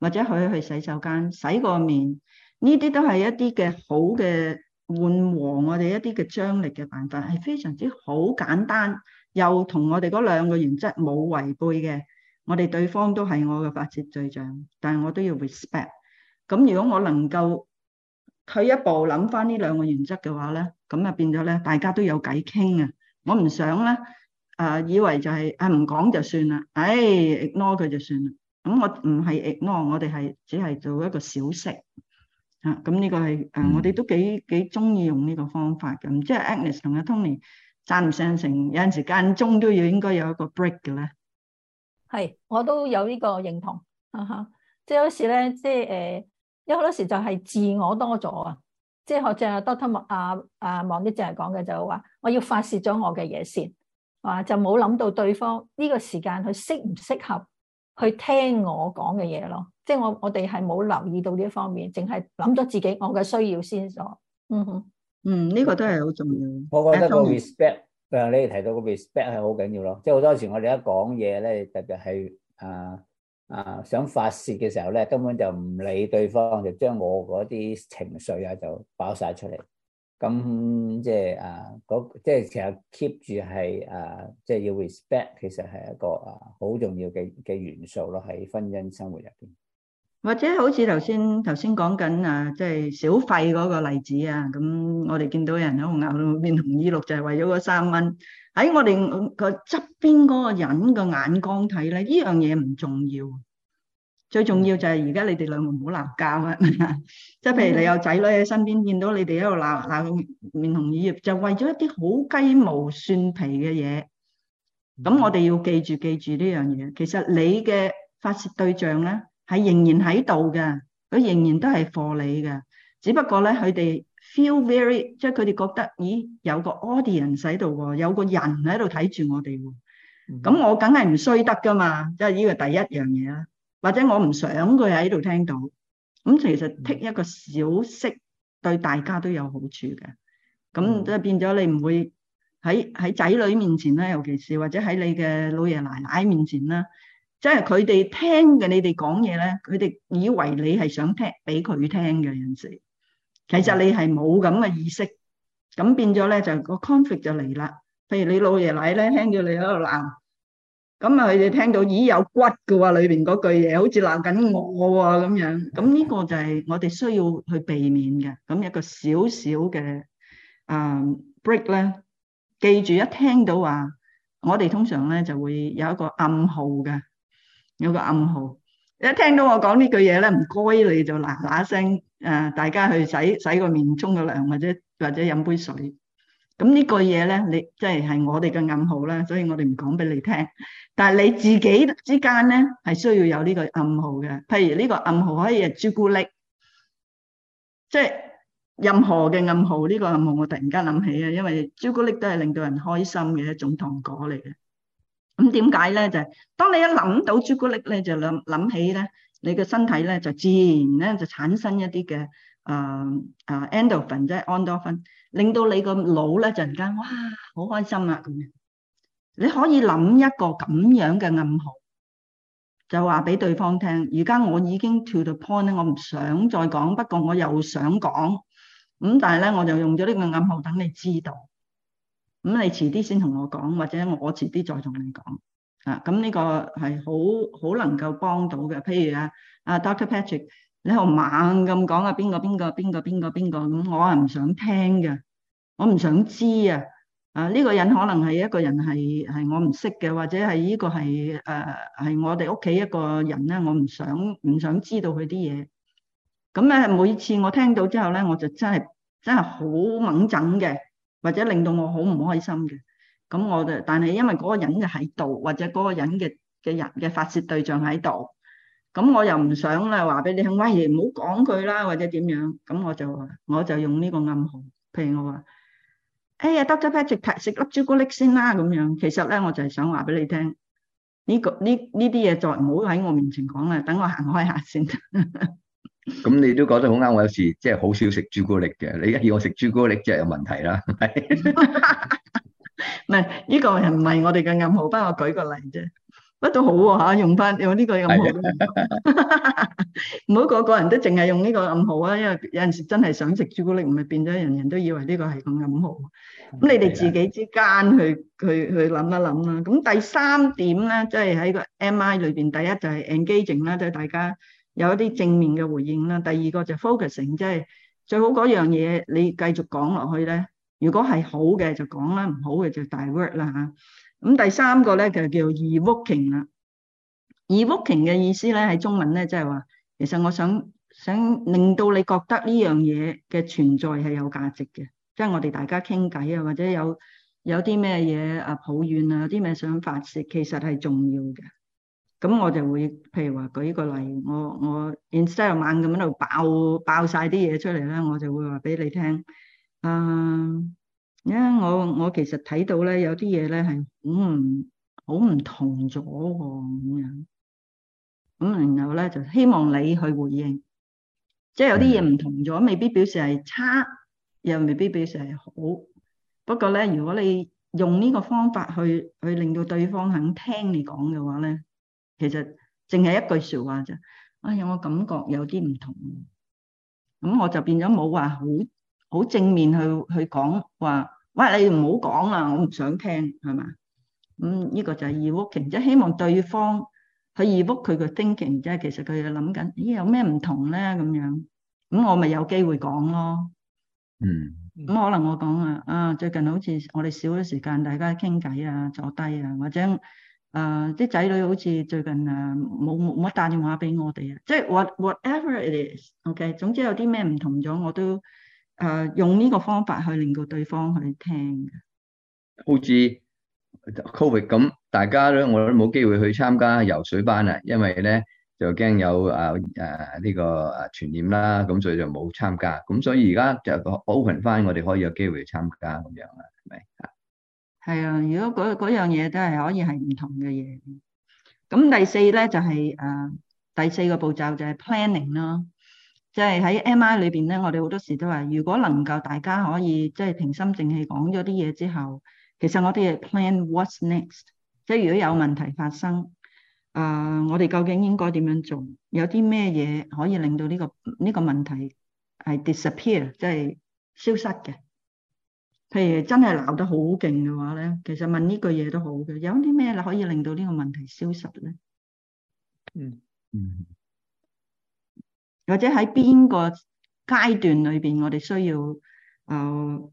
或者可以去洗手間洗個面。呢啲都係一啲嘅好嘅緩和我哋一啲嘅張力嘅辦法，係非常之好簡單，又同我哋嗰兩個原則冇違背嘅。我哋對方都係我嘅發泄對象，但係我都要 respect。咁如果我能夠退一步諗翻呢兩個原則嘅話咧，咁就變咗咧，大家都有偈傾啊！我唔想咧，誒以為就係啊唔講就算啦，唉，ignore 佢就算啦。咁我唔係 ignore，我哋係只係做一個小食。啊，咁呢、嗯嗯、個係誒，我哋都幾幾中意用呢個方法嘅。咁即係 Agnes 同阿 Tony 贊唔贊成有陣時間中都要應該有一個 break 嘅咧？係，我都有呢個認同。啊哈，即係有時咧，即係誒，有好多時就係自我多咗、就是、啊。即係學正阿 Doctor 麥阿阿望啲正係講嘅就話，我要發泄咗我嘅嘢先，話、啊、就冇諗到對方呢個時間佢適唔適合去聽我講嘅嘢咯。即係我我哋係冇留意到呢一方面，淨係諗咗自己我嘅需要先所。Mm-hmm. 嗯哼，嗯、這、呢個都係好重要。我覺得個 respect，誒、啊、你哋提到個 respect 係好緊要咯。即係好多時我哋一講嘢咧，特別係啊啊想發泄嘅時候咧，根本就唔理對方，就將我嗰啲情緒就啊就爆晒出嚟。咁即係啊，即係其實 keep 住係啊，即係要 respect，其實係一個啊好重要嘅嘅元素咯，喺婚姻生活入邊。或者好似頭先頭先講緊啊，即係小費嗰個例子啊，咁我哋見到人喺紅牛變面紅耳綠，就係為咗嗰三蚊。喺我哋個側邊嗰個人個眼光睇咧，呢樣嘢唔重要。最重要就係而家你哋兩個唔好鬧交啊！即係譬如你有仔女喺身邊，見到你哋喺度鬧鬧面紅耳綠，就為咗一啲好雞毛蒜皮嘅嘢。咁我哋要記住記住呢樣嘢。其實你嘅發泄對象咧。係仍然喺度嘅，佢仍然都係貨你嘅。只不過咧，佢哋 feel very，即係佢哋覺得，咦，有個 audience 喺度喎，有個人喺度睇住我哋喎。咁、嗯嗯、我梗係唔衰得噶嘛，即係呢個第一樣嘢啦。或者我唔想佢喺度聽到。咁、嗯嗯、其實剔一個小息對大家都有好處嘅。咁即係變咗你唔會喺喺仔女面前啦，尤其是或者喺你嘅老爺奶奶面前啦。即係佢哋聽嘅你哋講嘢咧，佢哋以為你係想聽俾佢聽嘅陣時，其實你係冇咁嘅意識，咁變咗咧就個 conflict 就嚟啦。譬如你老爺奶咧聽到你喺度鬧，咁啊佢哋聽到，咦，有骨㗎喎，裏邊嗰句嘢好似鬧緊我喎咁樣，咁呢個就係我哋需要去避免嘅，咁一個少少嘅啊 break 咧，記住一聽到話，我哋通常咧就會有一個暗號嘅。有個暗號，一聽到我講呢句嘢咧，唔該你就嗱嗱聲誒，大家去洗洗個面、沖個涼或者或者飲杯水。咁呢句嘢咧，你即係係我哋嘅暗號啦，所以我哋唔講俾你聽。但係你自己之間咧，係需要有呢個暗號嘅。譬如呢個暗號可以係朱古力，即係任何嘅暗號。呢個暗號我突然間諗起啊，因為朱古力都係令到人開心嘅一種糖果嚟嘅。咁點解咧？就係當你一諗到朱古力咧，就諗諗起咧，你個身體咧就自然咧就產生一啲嘅誒誒 endorphin，即係安多芬，令到你個腦咧就突然間哇好開心啊！咁樣，你可以諗一個咁樣嘅暗號，就話俾對方聽。而家我已經 to the point 咧，我唔想再講，不過我又想講。咁但係咧，我就用咗呢個暗號等你知道。咁你遲啲先同我講，或者我遲啲再同你講啊！咁呢個係好好能夠幫到嘅。譬如啊，阿 Doctor Patrick，你又猛咁講啊，邊個邊個邊個邊個邊個咁，我係唔想聽嘅，我唔想知啊！啊，呢個人可能係一個人係係我唔識嘅，或者係呢個係誒係我哋屋企一個人咧，我唔想唔想知道佢啲嘢。咁咧，每次我聽到之後咧，it, 我就真係真係好掹憎嘅。或者令到我好唔開心嘅，咁我就，但係因為嗰個人就喺度，或者嗰個人嘅嘅人嘅發泄對象喺度，咁我又唔想啦，話俾你聽，喂，唔好講佢啦，或者點樣，咁我就話，我就用呢個暗號，譬如我話，哎呀，得咗 pat pat，食粒朱古力先啦，咁樣，其實咧，我就係想話俾你聽，呢個呢呢啲嘢就唔好喺我面前講啦，等我行開下先。 咁你都講得好啱，我有時即係好少食朱古力嘅，你而家要我食朱古力即係有問題啦。唔係呢個唔係我哋嘅暗號，不過我舉個例啫。乜都好喎吓，用翻用呢個暗號。唔好個個人都淨係用呢個暗號啊，因為有陣時真係想食朱古力，唔係變咗人人都以為呢個係個暗號。咁 你哋自己之間去的去去諗一諗啦。咁第三點咧，即係喺個 MI 裏邊，第一就係 engaging 啦，即係大家。有一啲正面嘅回應啦。第二個就 focusing，即係最好嗰樣嘢你繼續講落去咧。如果係好嘅就講啦，唔好嘅就大 work 啦嚇。咁第三個咧就叫做 evoking 啦。evoking 嘅意思咧喺中文咧即係話，其實我想想令到你覺得呢樣嘢嘅存在係有價值嘅，即係我哋大家傾偈啊，或者有有啲咩嘢啊抱怨啊，有啲咩想發泄，其實係重要嘅。咁我就會，譬如話舉個例，我我 Instagram 咁喺度爆爆曬啲嘢出嚟啦，我就會話俾你聽啊！呃，因為我我其實睇到咧，有啲嘢咧係好唔好唔同咗喎咁樣。咁，然後咧就希望你去回應，即係有啲嘢唔同咗，未必表示係差，又未必表示係好。不過咧，如果你用呢個方法去去令到對方肯聽你講嘅話咧。其實淨係一句說話啫，哎，我感覺有啲唔同，咁我就變咗冇話好好正面去去講話，喂！你唔好講啊，我唔想聽，係嘛？咁呢個就係 evoking，即係希望對方去 evoke 佢嘅 thinking，即係其實佢就諗緊咦有咩唔同咧？咁樣，咁我咪有機會講咯。嗯。咁可能我講啊，啊，最近好似我哋少咗時間，大家傾偈啊，坐低啊，或者。誒啲仔女好似最近誒冇乜打電話俾我哋啊，即係 whatever it is，OK，總之有啲咩唔同咗，我都誒用呢個方法去令到對方去聽嘅。好似 covid 咁，大家咧我都冇機會去參加游水班啊，因為咧就驚有啊啊呢個傳染啦，咁所以就冇參加。咁所以而家就 open 翻，我哋可以有機會去參加咁樣啊，係咪啊？係啊，如果嗰樣嘢都係可以係唔同嘅嘢。咁第四咧就係、是、誒、呃、第四個步驟就係 planning 咯，即係喺 MI 裏邊咧，我哋好多時都話，如果能夠大家可以即係、就是、平心靜氣講咗啲嘢之後，其實我哋係 plan what's next，即係如果有問題發生，誒、呃、我哋究竟應該點樣做？有啲咩嘢可以令到呢、這個呢、這個問題係 disappear，即係消失嘅？譬如真係鬧得好勁嘅話咧，其實問呢句嘢都好嘅。有啲咩咧可以令到呢個問題消失咧？嗯嗯。或者喺邊個階段裏邊，我哋需要誒，即、呃、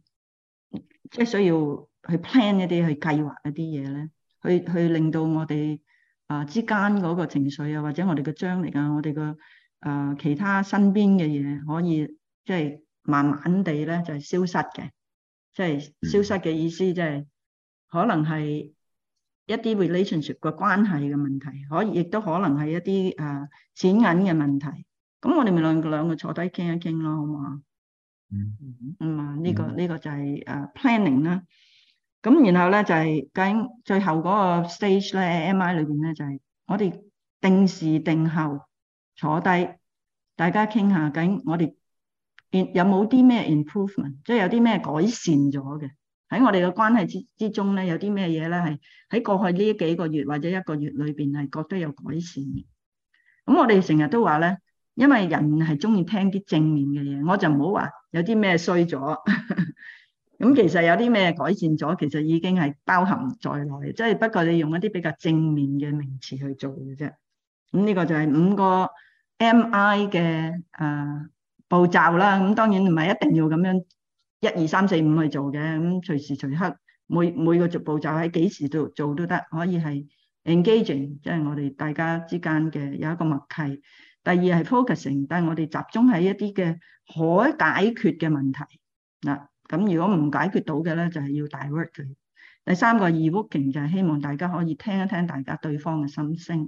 係、就是、需要去 plan 一啲去計劃一啲嘢咧，去呢去，去令到我哋啊之間嗰個情緒啊，或者我哋嘅張力啊，我哋嘅誒其他身邊嘅嘢，可以即係、就是、慢慢地咧就係、是、消失嘅。即係消失嘅意思，即係可能係一啲 relationship 嘅關係嘅問題，可亦都可能係一啲誒錢銀嘅問題。咁我哋咪兩兩個坐低傾一傾咯，好唔好？咁啊，呢個呢、嗯、個就係誒 planning 啦。咁然後咧就係、是、究竟最後嗰個 stage 咧，MI 裏邊咧就係、是、我哋定時定後坐低大家傾下偈，究竟，我哋。有冇啲咩 improvement，即係有啲咩改善咗嘅？喺我哋嘅關係之之中咧，有啲咩嘢咧？係喺過去呢幾個月或者一個月裏邊係覺得有改善嘅。咁我哋成日都話咧，因為人係中意聽啲正面嘅嘢，我就唔好話有啲咩衰咗。咁 其實有啲咩改善咗，其實已經係包含在內，即係不過你用一啲比較正面嘅名詞去做嘅啫。咁呢個就係五個 mi 嘅啊，步驟啦，咁當然唔係一定要咁樣一二三四五去做嘅，咁隨時隨刻每每個逐步驟喺幾時度做都得，可以係 engaging，即係我哋大家之間嘅有一個默契。第二係 focusing，即係我哋集中喺一啲嘅可解決嘅問題嗱，咁如果唔解決到嘅咧，就係、是、要 diary。第三個 evoking 就係希望大家可以聽一聽大家對方嘅心聲。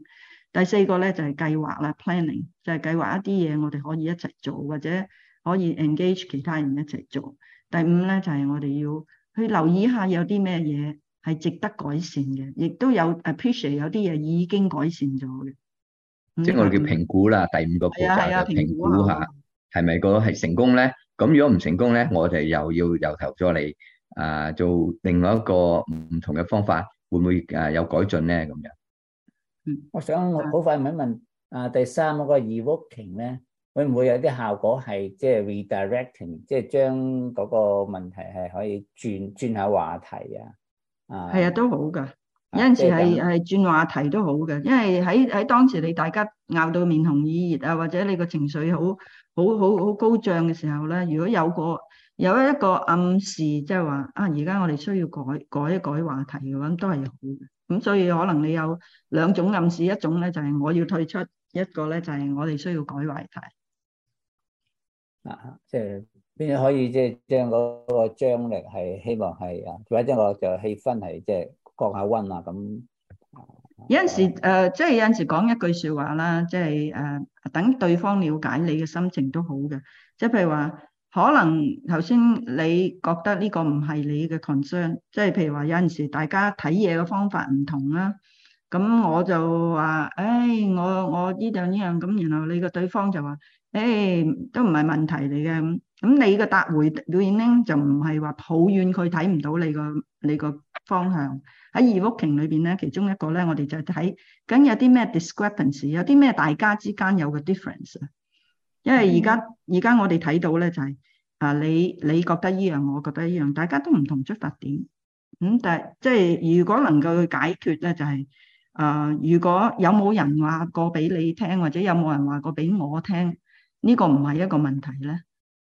第四個咧就係計劃啦，planning 就係計劃一啲嘢，我哋可以一齊做，或者可以 engage 其他人一齊做。第五咧就係、是、我哋要去留意下有啲咩嘢係值得改善嘅，亦都有 appreciate 有啲嘢已經改善咗嘅。即係我哋叫評估啦。第五個步驟就評估下係咪個係成功咧？咁如果唔成功咧，我哋又要由頭再嚟啊做另外一個唔同嘅方法，會唔會啊有改進咧？咁樣。我想好快問一問啊，第三嗰個 evoking 咧，會唔會有啲效果係即係 redirecting，即係將嗰個問題係可以轉轉下話題啊？係啊，都好噶，有陣時係，係轉話題都好噶，因為喺喺當時你大家拗到面紅耳熱啊，或者你個情緒好好好好高漲嘅時候咧，如果有個有一個暗示，即係話啊，而家我哋需要改改一改話題嘅話，都係好。咁所以可能你有兩種暗示，一種咧就係我要退出，一個咧就係我哋需要改話題。啊，即係邊日可以即係將嗰個張力係希望係啊，或者我就氣氛係即係降下溫啊咁。有陣時誒，即係有陣時講一句說話啦，即係誒等對方瞭解你嘅心情都好嘅，即係譬如話。可能頭先你覺得呢個唔係你嘅 concern，即係譬如話有陣時大家睇嘢嘅方法唔同啦，咁我就話，唉、哎，我我呢樣呢樣，咁然後你個對方就話，唉、哎，都唔係問題嚟嘅。咁咁你嘅答回表現咧，就唔係話好遠佢睇唔到你個你個方向。喺 evoking 裏邊咧，其中一個咧，我哋就睇咁有啲咩 discrepancy，有啲咩大家之間有個 difference。因為而家而家我哋睇到咧就係、是、啊你你覺得依樣，我覺得依樣，大家都唔同出發點。咁、嗯、但係即係如果能夠解決咧，就係、是、啊、呃、如果有冇人話過俾你聽，或者有冇人話過俾我聽，呢、這個唔係一個問題咧。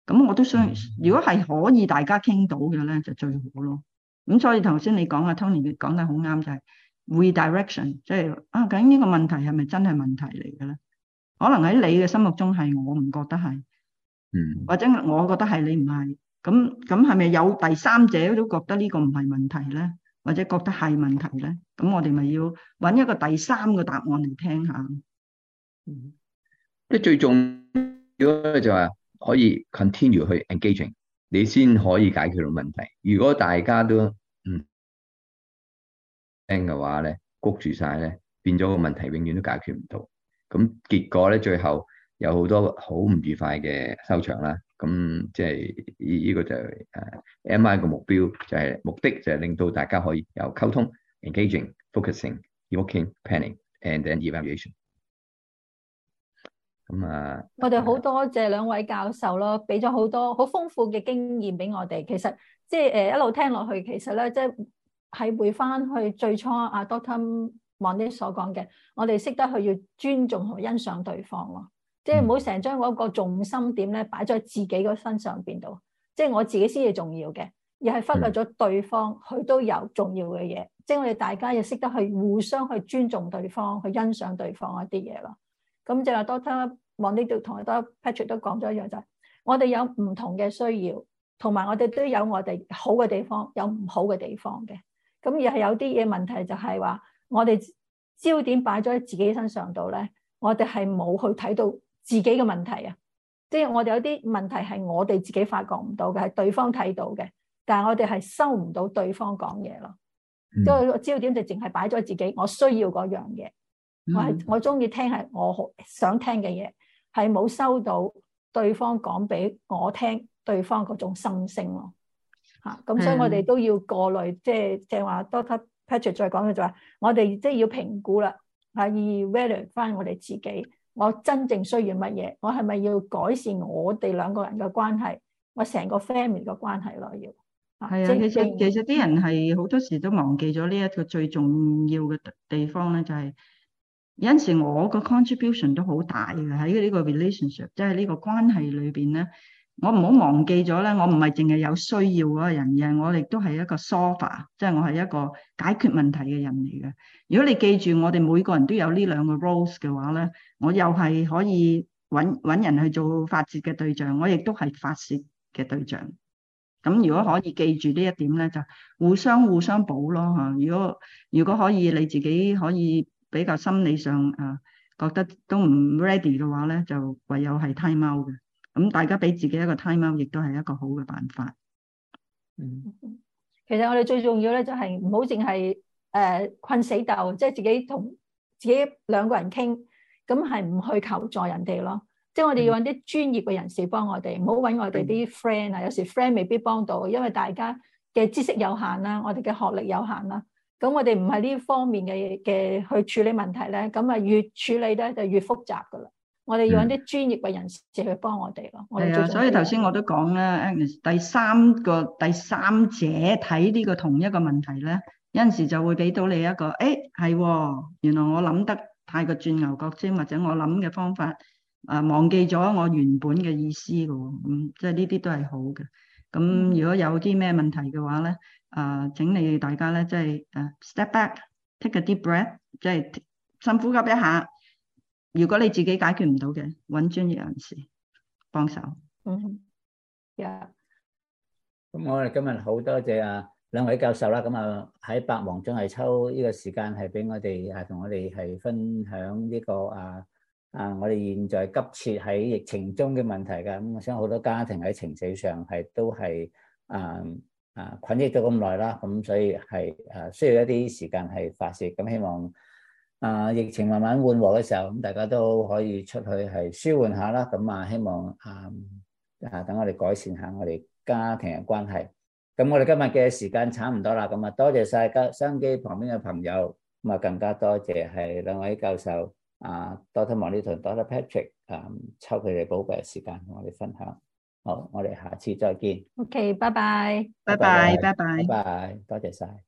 咁、嗯、我都相信，如果係可以大家傾到嘅咧，就最好咯。咁、嗯、所以頭先你講啊，Tony 講得好啱，就係、是、redirection，即、就、係、是、啊究竟呢個問題係咪真係問題嚟嘅咧？可能喺你嘅心目中係我唔覺得係，嗯，或者我覺得係你唔係，咁咁係咪有第三者都覺得呢個唔係問題咧，或者覺得係問題咧？咁我哋咪要搵一個第三個答案嚟聽下。即、嗯、係最重要就係可以 continue 去 engaging，你先可以解決到問題。如果大家都嗯聽嘅話咧，谷住晒咧，變咗個問題永遠都解決唔到。咁結果咧，最後有好多好唔愉快嘅收場啦。咁即係呢依個就誒，MI 嘅目標就係、是、目的就係令到大家可以有溝通、engaging、focusing、evoking、planning and then evaluation。咁啊，我哋好多謝兩位教授咯，俾咗好多好豐富嘅經驗俾我哋。其實即係誒一路聽落去，其實咧即係係回翻去最初啊，Doctor。望啲所講嘅，我哋識得去要尊重同欣賞對方咯，即係唔好成日將嗰個重心點咧擺咗喺自己個身上邊度，即係我自己先至重要嘅，而係忽略咗對方，佢都有重要嘅嘢。即係我哋大家要識得去互相去尊重對方，去欣賞對方一啲嘢咯。咁就話 Doctor 望啲同 Doctor Patrick 都講咗一樣，就係、是、我哋有唔同嘅需要，同埋我哋都有我哋好嘅地方，有唔好嘅地方嘅。咁而係有啲嘢問題就係話。我哋焦點擺咗喺自己身上度咧，我哋係冇去睇到自己嘅問題啊！即係我哋有啲問題係我哋自己發覺唔到嘅，係對方睇到嘅，但係我哋係收唔到對方講嘢咯。即係個焦點就淨係擺咗喺自己，我需要嗰樣嘢，嗯，我係我中意聽係我想聽嘅嘢，係冇收到對方講俾我聽，對方嗰種心聲咯。吓咁，所以我哋都要過濾，即係即係話多級。Patrick 再講佢就話：我哋即係要評估啦，要、uh, value 翻我哋自己。我真正需要乜嘢？我係咪要改善我哋兩個人嘅關係？我成個 family 嘅關係咯？要、uh, 係啊，其實其實啲人係好多時都忘記咗呢一個最重要嘅地方咧，就係、是、有陣時我 cont 個 contribution 都好大嘅喺呢個 relationship，即係呢個關係裏邊咧。我唔好忘記咗咧，我唔係淨係有需要嗰個人，而我亦都係一個 sofa，即係我係一個解決問題嘅人嚟嘅。如果你記住我哋每個人都有呢兩個 roles 嘅話咧，我又係可以揾揾人去做發洩嘅對象，我亦都係發洩嘅對象。咁如果可以記住呢一點咧，就互相互相補咯吓。如果如果可以，你自己可以比較心理上誒、啊、覺得都唔 ready 嘅話咧，就唯有係 time out 嘅。咁大家俾自己一個 time out，亦都係一個好嘅辦法。嗯，其實我哋最重要咧，就係唔好淨係誒困死鬥，即係自己同自己兩個人傾，咁係唔去求助人哋咯。即係我哋要揾啲專業嘅人士幫我哋，唔好揾我哋啲 friend 啊。嗯、有時 friend 未必幫到，因為大家嘅知識有限啦，我哋嘅學歷有限啦。咁我哋唔係呢方面嘅嘅去處理問題咧，咁啊越處理咧就越複雜噶啦。我哋要啲專業嘅人士去幫我哋咯。係啊的，所以頭先我都講啦，有陣時第三個第三者睇呢個同一個問題咧，有陣時就會俾到你一個，誒、欸、係，原來我諗得太過轉牛角尖，或者我諗嘅方法啊、呃、忘記咗我原本嘅意思嘅喎。咁、嗯、即係呢啲都係好嘅。咁如果有啲咩問題嘅話咧，啊、呃、請你大家咧即係啊、uh, step back，take a deep breath，即係深呼吸一下。如果你自己解決唔到嘅，搵專業人士幫手。嗯、mm，咁、hmm. yeah。我哋今日好多謝啊兩位教授啦。咁啊喺百忙中係抽呢個時間係俾我哋啊同我哋係分享呢個啊啊我哋現在急切喺疫情中嘅問題㗎。咁我想好多家庭喺情緒上係都係啊啊困積咗咁耐啦。咁所以係啊需要一啲時間係發泄。咁、啊、希望。啊！疫情慢慢緩和嘅時候，咁大家都可以出去係舒緩下啦。咁啊，希望啊啊，等我哋改善下我哋家庭嘅關係。咁我哋今日嘅時間差唔多啦。咁啊，多謝晒收音機旁邊嘅朋友。咁啊，更加多謝係兩位教授啊，Dr. Molly 同 Dr. Patrick 啊，抽佢哋寶貴時間同我哋分享。好，我哋下次再見。OK，拜拜，拜拜，拜拜，拜拜，多謝晒。